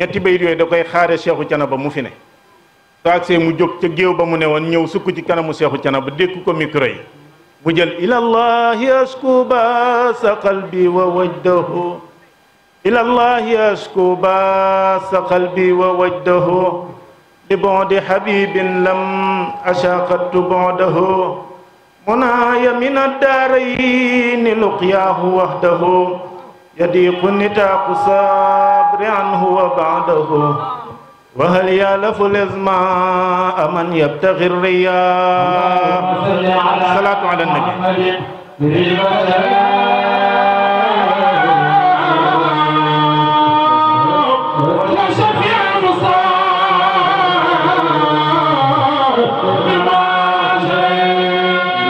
A: ñetti bayit yooyu da koy xaare seexu canaba mu fi ne soo agsee mu jóg ca géew ba mu ne woon ñëw sukk ci kanamu seexu canaba dékk ko micro yi mu jël ilallahi asku ba sa qalbi wa wajdahu ilallahi asku ba sa qalbi wa wajdahu li bondi habibin lam ashaqattu bondahu منايا من الدارين لقياه وحده يضيق النتاق سار عنه وبعده وهل يالف الإزماء من يبتغي الرياء صلاة على النبي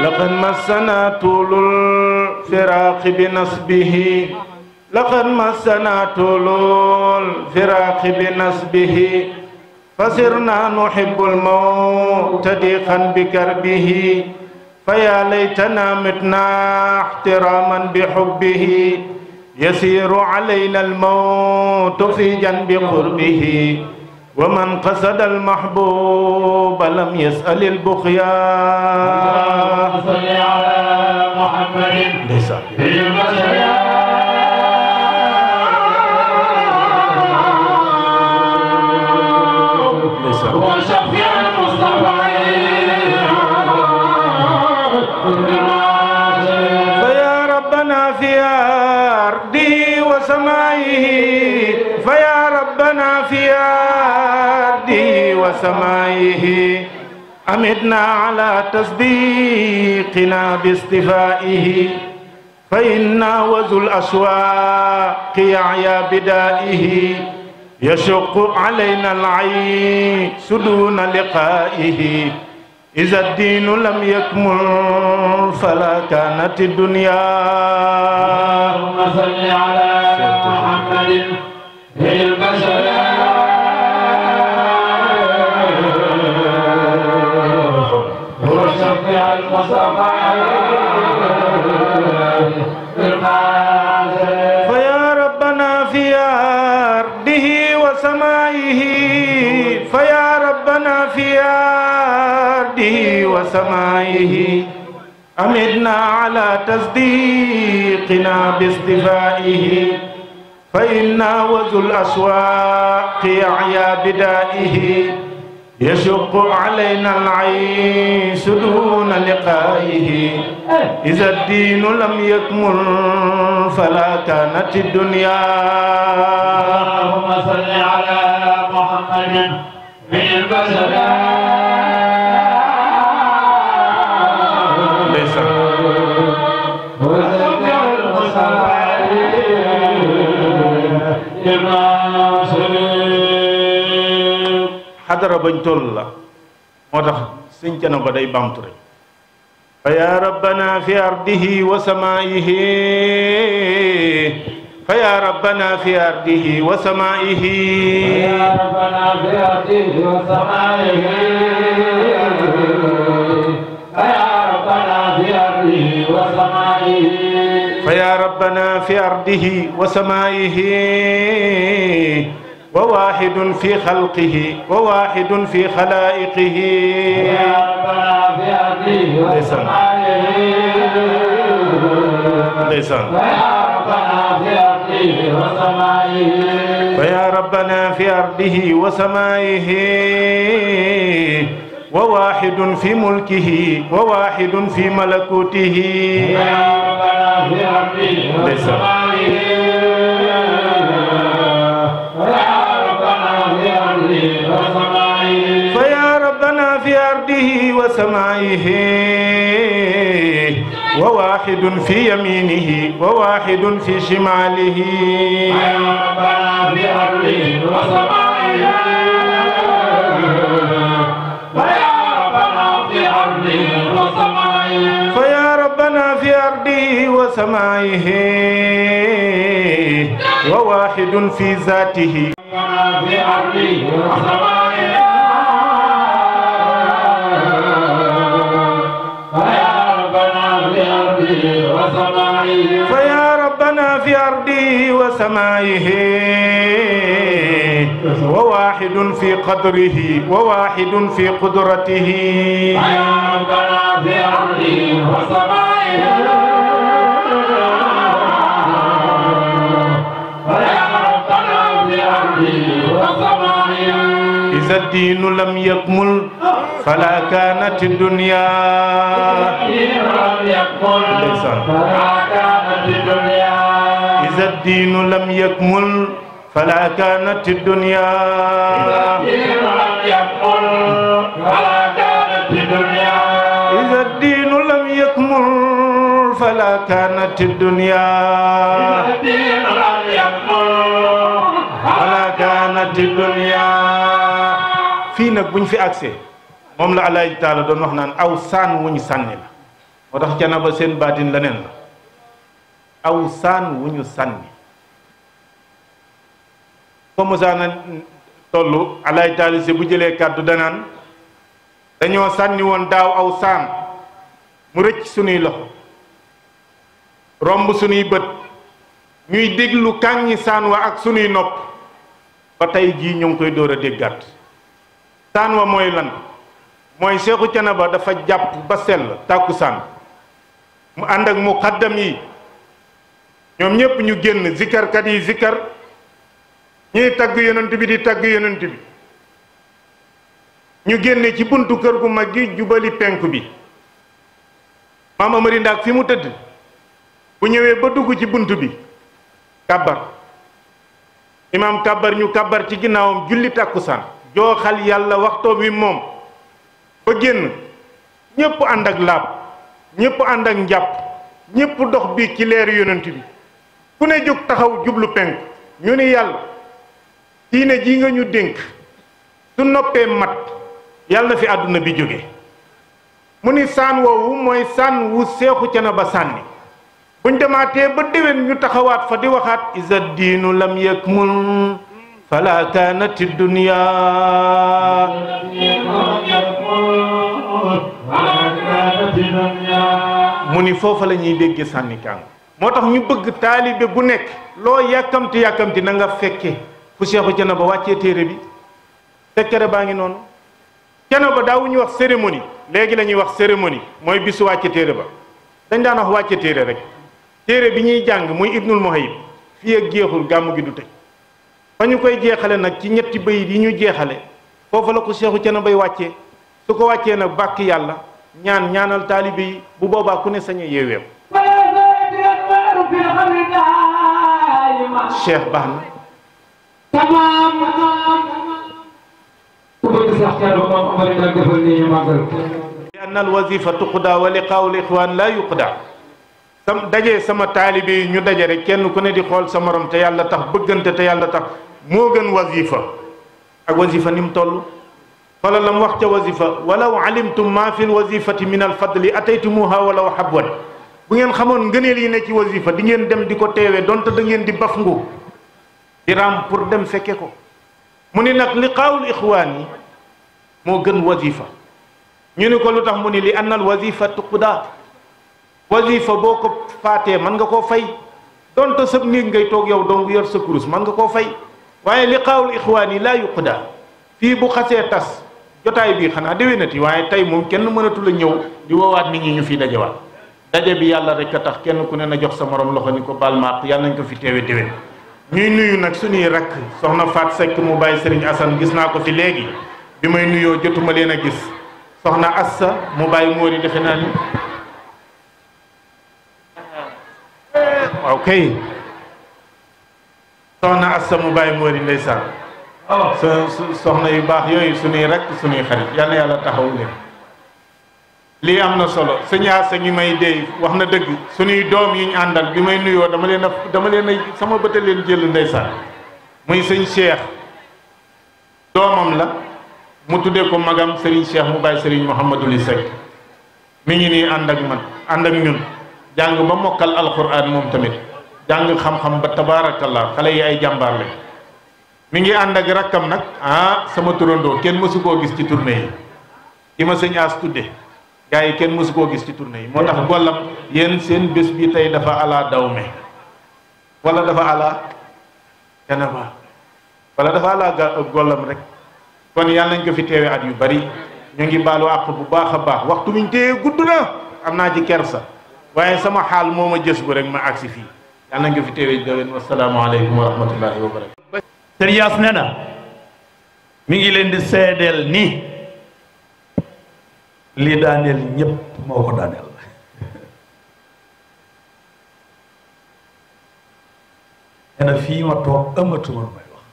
A: لقد مسنا طول الفراق بنصبه لقد مسنا طول الفراق بنسبه فصرنا نحب الموت ضيقا بكربه فيا ليتنا متنا احتراما بحبه يسير علينا الموت في جنب قربه ومن قصد المحبوب لم يسأل البخيا اللهم صل
B: على محمد بالمسيا
A: أمتنا على تصديقنا باستفائه فإنا وذو الأشواق يعيا بدائه يشق علينا العيش دون لقائه إذا الدين لم يكمل فلا كانت الدنيا اللهم صل
B: على محمد
A: في البشر وسمائه فيا ربنا في أرضه
B: وسمائه
A: أمدنا على تصديقنا باصطفائه فإنا وذو الأسواق أعيا بدائه يشق علينا العيش دون لقائه إذا الدين لم يكمل فلا كانت الدنيا اللهم صل على محمد
B: من البشر
A: xadara bañ toll la moo tax sëñ cana ba day bamtu rek fa ya rabbana fi ardihi wa samaihi فيا ربنا في أرضه وسمائه فيا ربنا في أرضه وسمائه فيا ربنا في
B: أرضه وسمائه فيا
A: ربنا في أرضه وسمائه وواحد في خلقه وواحد في خلائقه لسان لسان فيا ربنا في أرضه وسمائه وواحد في ملكه وواحد في ملكوته لسان بصره وسمعه وواحد في يمينه وواحد في شماله فيا ربنا في أرضه وسمائه وواحد في ذاته
B: في أرضه وسمائه
A: في أرضه وسمائه وواحد في قدره وواحد في قدرته في
B: أرضه وسمائه
A: إذا الدين لم يكمل فلا كانت الدنيا إذا الدين لم
B: يكمل فلا كانت الدنيا إذا
A: الدين لم يكمل فلا كانت الدنيا إذا الدين
B: لم يكمل فلا
A: كانت الدنيا إذا الدين لم يكمل فلا كانت الدنيا إذا
B: الدين لم يكمل
A: فلا كانت الدنيا fii nag buñ fi agsee moom la Alaaji Taala doon wax naan aw saan wuñ sànni la moo tax cana ba seen baatin leneen la aw saan wu ñu sànni fa musaana toll alay taalise bu jëlee kàddu danaan dañoo sànni woon daaw aw saan mu rëcc sunuy loxo romb sunuy bët ñuy déglu kàññi saan wa ak sunuy nopp ba tey jii ñu ngi koy door a déggaat saan wa mooy lan mooy seexu ba dafa jàpp ba sell tàkku saan mu ànd ak muqaddam yi ñoom ñëpp ñu génn zikarkat yi zikar ñuy tagg yonent bi di tagg yonent bi ñu génne ci buntu kër gu mag gi jubali penk bi maam Amari Ndaak fi mu tëdd bu ñëwee ba dugg ci bunt bi kàbbar imaam kàbbar ñu kàbbar ci ginnaawam julli tàkkusaan jooxal yàlla waxtoo wi moom ba génn ñépp ànd ak laab ñépp ànd ak njàpp ñépp dox bi ci leer yonant bi ku ne jóg taxaw jublu penk ñu ni yàlla diine ji nga ñu dénk su noppee mat yàlla na fi àdduna bi jóge mu ni saan woowu mooy saan seexu ca na ba sànni buñ demaatee ba déwén ñu taxawaat fa di waxaat isa diinu lam yakmul fala kaanati dunya mu ni foofa la ñuy dégge sànni kàng moo tax ñu bëgg taalibe bu nekk loo yàkkamti yàkkamti na nga fekke fu Seexu ba wàccee téere bi fekkere baa ngi noonu Thiénaba daawuñu wax sérémoni léegi la ñuy wax cérémonie mooy bisu wàcce téere ba dañ daan wax wàcce téere rek téere bi ñuy jàng muy Ibnul Muhayyib fi ak jeexul gàmmu gi du tëj fa ñu koy jeexale nag ci ñetti bayit yi ñu jeexale foofu la ko Seexu bay wàccee su ko wàccee nag bàkk yàlla ñaan ñaanal taalibe yi bu boobaa ku ne sañ a
B: cheikh baax na. tamaam tamaam.
A: ku bëgg sax kaddu moom Amady nag defal nii ñu màggal. li an al wazifa tuqda wa liqaa'ul ixwaan laa yuqda. sam daje sama taalibe yi ñu daje rek kenn ku ne di xool sa morom te yàlla tax bëggante te yàlla tax moo gën wazifa ak wazifa ni mu toll. xoolal la mu wax ca wazifa walaw alimtum maa fi l wazifati min al fadli ataytumuha walaw habwan bu ngeen xamoon ngëneel yi ne ci wasifa di ngeen dem di ko teewee donte da ngeen di baf ngu di pour dem fekke ko mu ni nag liqaawul ixwaan yi moo gën wasifa ñu ni ko lu tax mu ni li annal wasifa tuqda wasifa boo ko faatee mën nga koo fay donte sëb néeg ngay toog yow dong yor sa kurus mën nga koo fay waaye liqaawul ixwaan yi laa daa fii bu xasee tas jotaay bi xanaa déwénati waaye tey moom kenn mënatu la ñëw di woowaat nit ñi ñu fi dajewaat daje bi yàlla rek a tax kenn ku ne na jox sa morom loxo ni ko baal maaq yàlla nañ ko fi teewe déwén ñuy nuyu nag suñuy rakk soxna Faat Seck mu bàyyi Serigne Assane gis naa ko fi léegi bi may nuyoo jotuma leen a gis soxna Assa mu bàyyi móori defe naa ni waaw kay soxna Assa mu bàyyi móori ndeysaan oh. soxna yu baax yooyu suñuy rakk suñuy xarit yàlla yàlla taxaw leen lii am na solo sëñ Yaasa ngi may dey wax na dëgg suñuy doom yiñ àndal bi may nuyoo dama leen dama leen a sama bët a leen jël ndeysaan muy sëñ Cheikh doomam la mu tuddee ko magam Serigne Cheikh mu bàyyi Serigne Mouhamadou Seck mi ngi nii ànd ak man ànd ak ñun jàng ba mokkal alquran moom tamit jàng xam-xam ba tabaarakallah xale yi ay jàmbaar lañ mi ngi ànd ak rakkam nag ah sama turandoo kenn mësu koo gis ci tournée yi ki ma sëñaas As gars yi kenn mësu koo gis ci tournée yi moo tax gollam yéen seen bés bi tey dafa ala dawme wala dafa ala canaba wala dafa ala gollam rek kon yàlla nañ ko fi teewe at yu bari ñu ngi baalu àq bu baax a baax waxtu bi ñu téye gudd na am naa ci kersa waaye sama xaal moo ma jës bu rek ma agsi fii yàlla nañ fi teewe déwén
C: wasalaamaaleykum wa rahmatullahi wa barakatu sëriñ nee na mi ngi leen di seedeel nii li daaneel ñépp moo ko daaneel nee na fii ma toog ëmmatuma lu may wax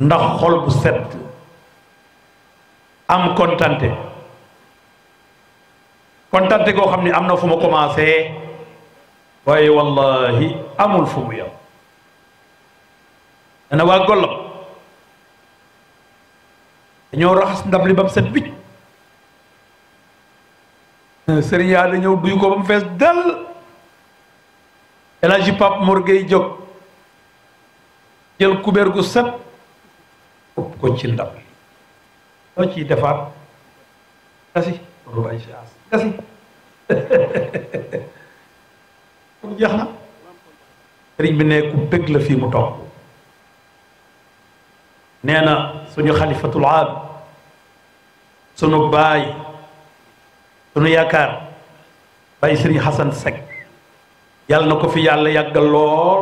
C: ndax xol bu set am kontante kontante koo xam ne am na fu ma commencé waaye wallahi amul fu mu yem nee na waa gollam dañoo raxas ndab li ba mu set bi sëriñ yaa la ñëw duy ko ba mu fees dal El Hadj Pape Mor Gueye jóg jël kubéer gu set ëpp ko ci ndab loo ciy defaat gasi rubay chance gasi kon jeex na sëriñ bi ne bëgg la fii mu toog nee na suñu xalifatul aam suñu baay sunu yaakaar bàyyi sëriñ Xasan Seck yàlla na ko fi yàlla yàggal lool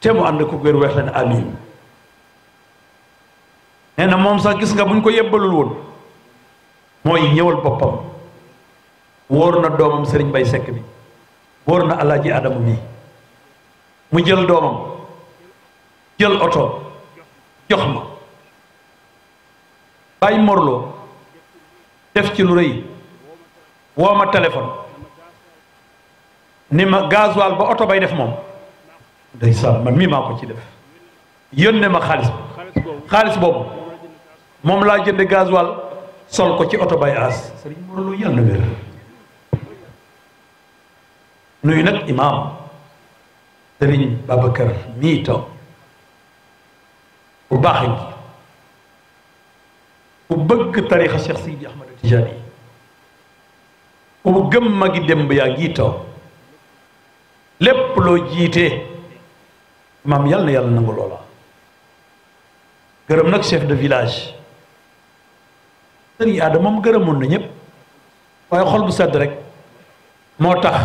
C: te mu ànd ko gër weex leen amin na moom sax gis nga buñ ko yebbalul woon mooy ñëwal boppam wóor na doomam sëriñ Bay Seck bi wóor na alaaji Adamu nii mu jël doomam jël oto jox ma bàyyi morloo def ci lu rëy woo ma téléphone ni ma gasoil ba oto bay def moom ndeysaan man mii maa ko ci def yónne ma xaalis xaalis boobu moom laa jënd gasoil sol ko ci oto bay aas sëriñ Mor Lo yàlla na wér nuyu nag imaam sëriñ Babacar mii toog bu baax a ngi bu bëgg tarixa Cheikh Sidi Ahmad Tijani ku gëm magi démb yaa ngi toog lépp loo jiitee maam yàlla na yàlla nangu loola gërëm nag chef de village sëriñ Adama moom gërëmoon na ñëpp waaye xol bu sedd rek moo tax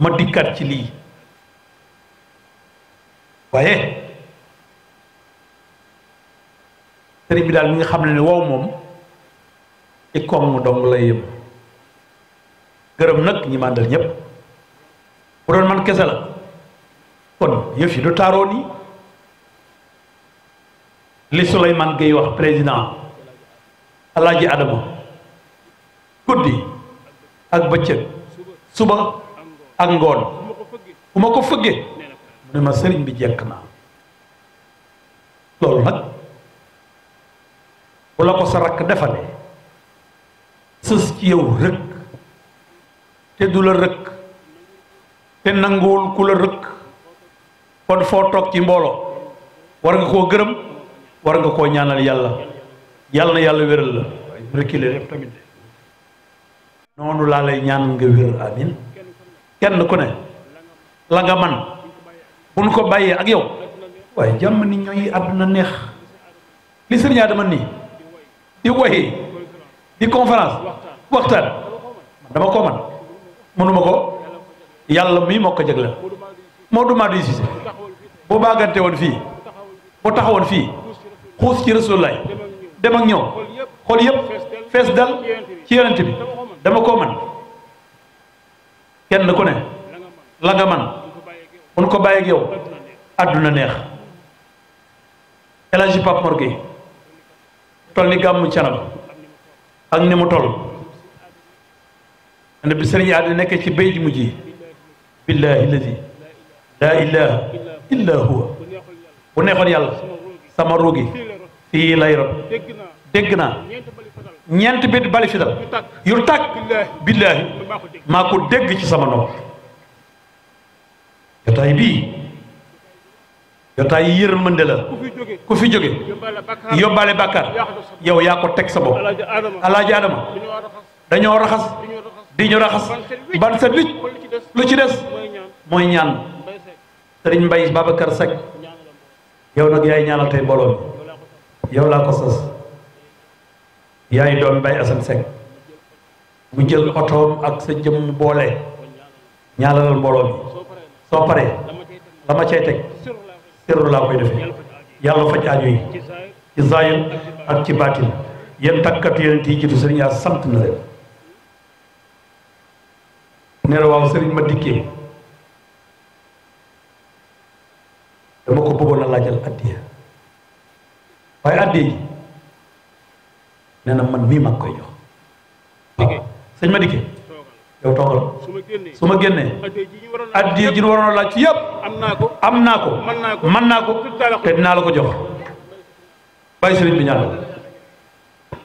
C: ma dikkat ci lii waaye sëriñ bi daal mi nga xam ne ne wow moom ci koom mu dong lay yëm gërëm nag ñi màndal ñépp bu doon man kese la kon yëf yi du taaroo nii li Souleymane gi wax président alaaji Adama guddi ak bëccëg suba ak ngoon bu ma ko fëggee mu ma sëriñ bi jekk naa loolu nag bu la ko sa rakk defalee sës ci yow rek te du la rëkk te nanguwul ku la rëkk kon foo toog ci mbooloo war nga koo gërëm war nga koo ñaanal yàlla yàlla na yàlla wéral la reculer rek noonu laa lay ñaan nga wér amin kenn ku ne la nga man bu nu ko bàyyee ak yow waaye jàmm ni ñooy àdduna neex li sëriñ Adama nii di woy di conférence waxtaan dama ko man mënuma ko yàlla mii moo ko jagleel Maodo Madi Cissé bu baagante woon fii bu taxawoon fii xuus ci rasulullaay dem dama koo man kenn ku ne la nga man mun ko bàyyi ak yow àdduna neex El Hadj Pape Mor toll ni gàmmu canaba ak ni mu toll ne bi sëriñ Aadi nekk ci bayt mu ji billahi lazi laa ilaha huwa bu neexoon yàlla sama ruugi fii lay rob dégg naa ñeent bit bali fital yu tàkk billahi maa ko dégg ci sama nopp jotaay bii jotaay yërmande la
A: ku fi jóge yóbbaale bàkkaar
C: yow yaa ko teg sa bopp
A: Adama
C: dañoo raxas di ñu raxas ban set wicc lu ci des mooy ñaan sëriñ Mbay Babacar Seck yow nag yaay ñaanal tey mbooloo mi yow laa ko sas yaay doom Mbay Asan Seck mu jël otoom ak sa jëm boole ñaanalal mbooloo mi soo paree la ma teg sirru laa koy defee yàlla faj aajo yi ci zaayir ak ci baatin yéen takkatu yeneen yi jiitu yaa sant na leen ne la waaw sëriñ ma dikkee dama ko bëggoon a laajal addiya waaye addiya ji na man bii mag koy jox waaw sëñ ma dikkee yow toogal
A: su ma génnee
C: addiya ji ñu waroon a laaj yépp am naa ko man naa ko te dinaa la ko jox bàyyi sëriñ bi ñaan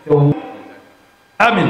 C: yow amin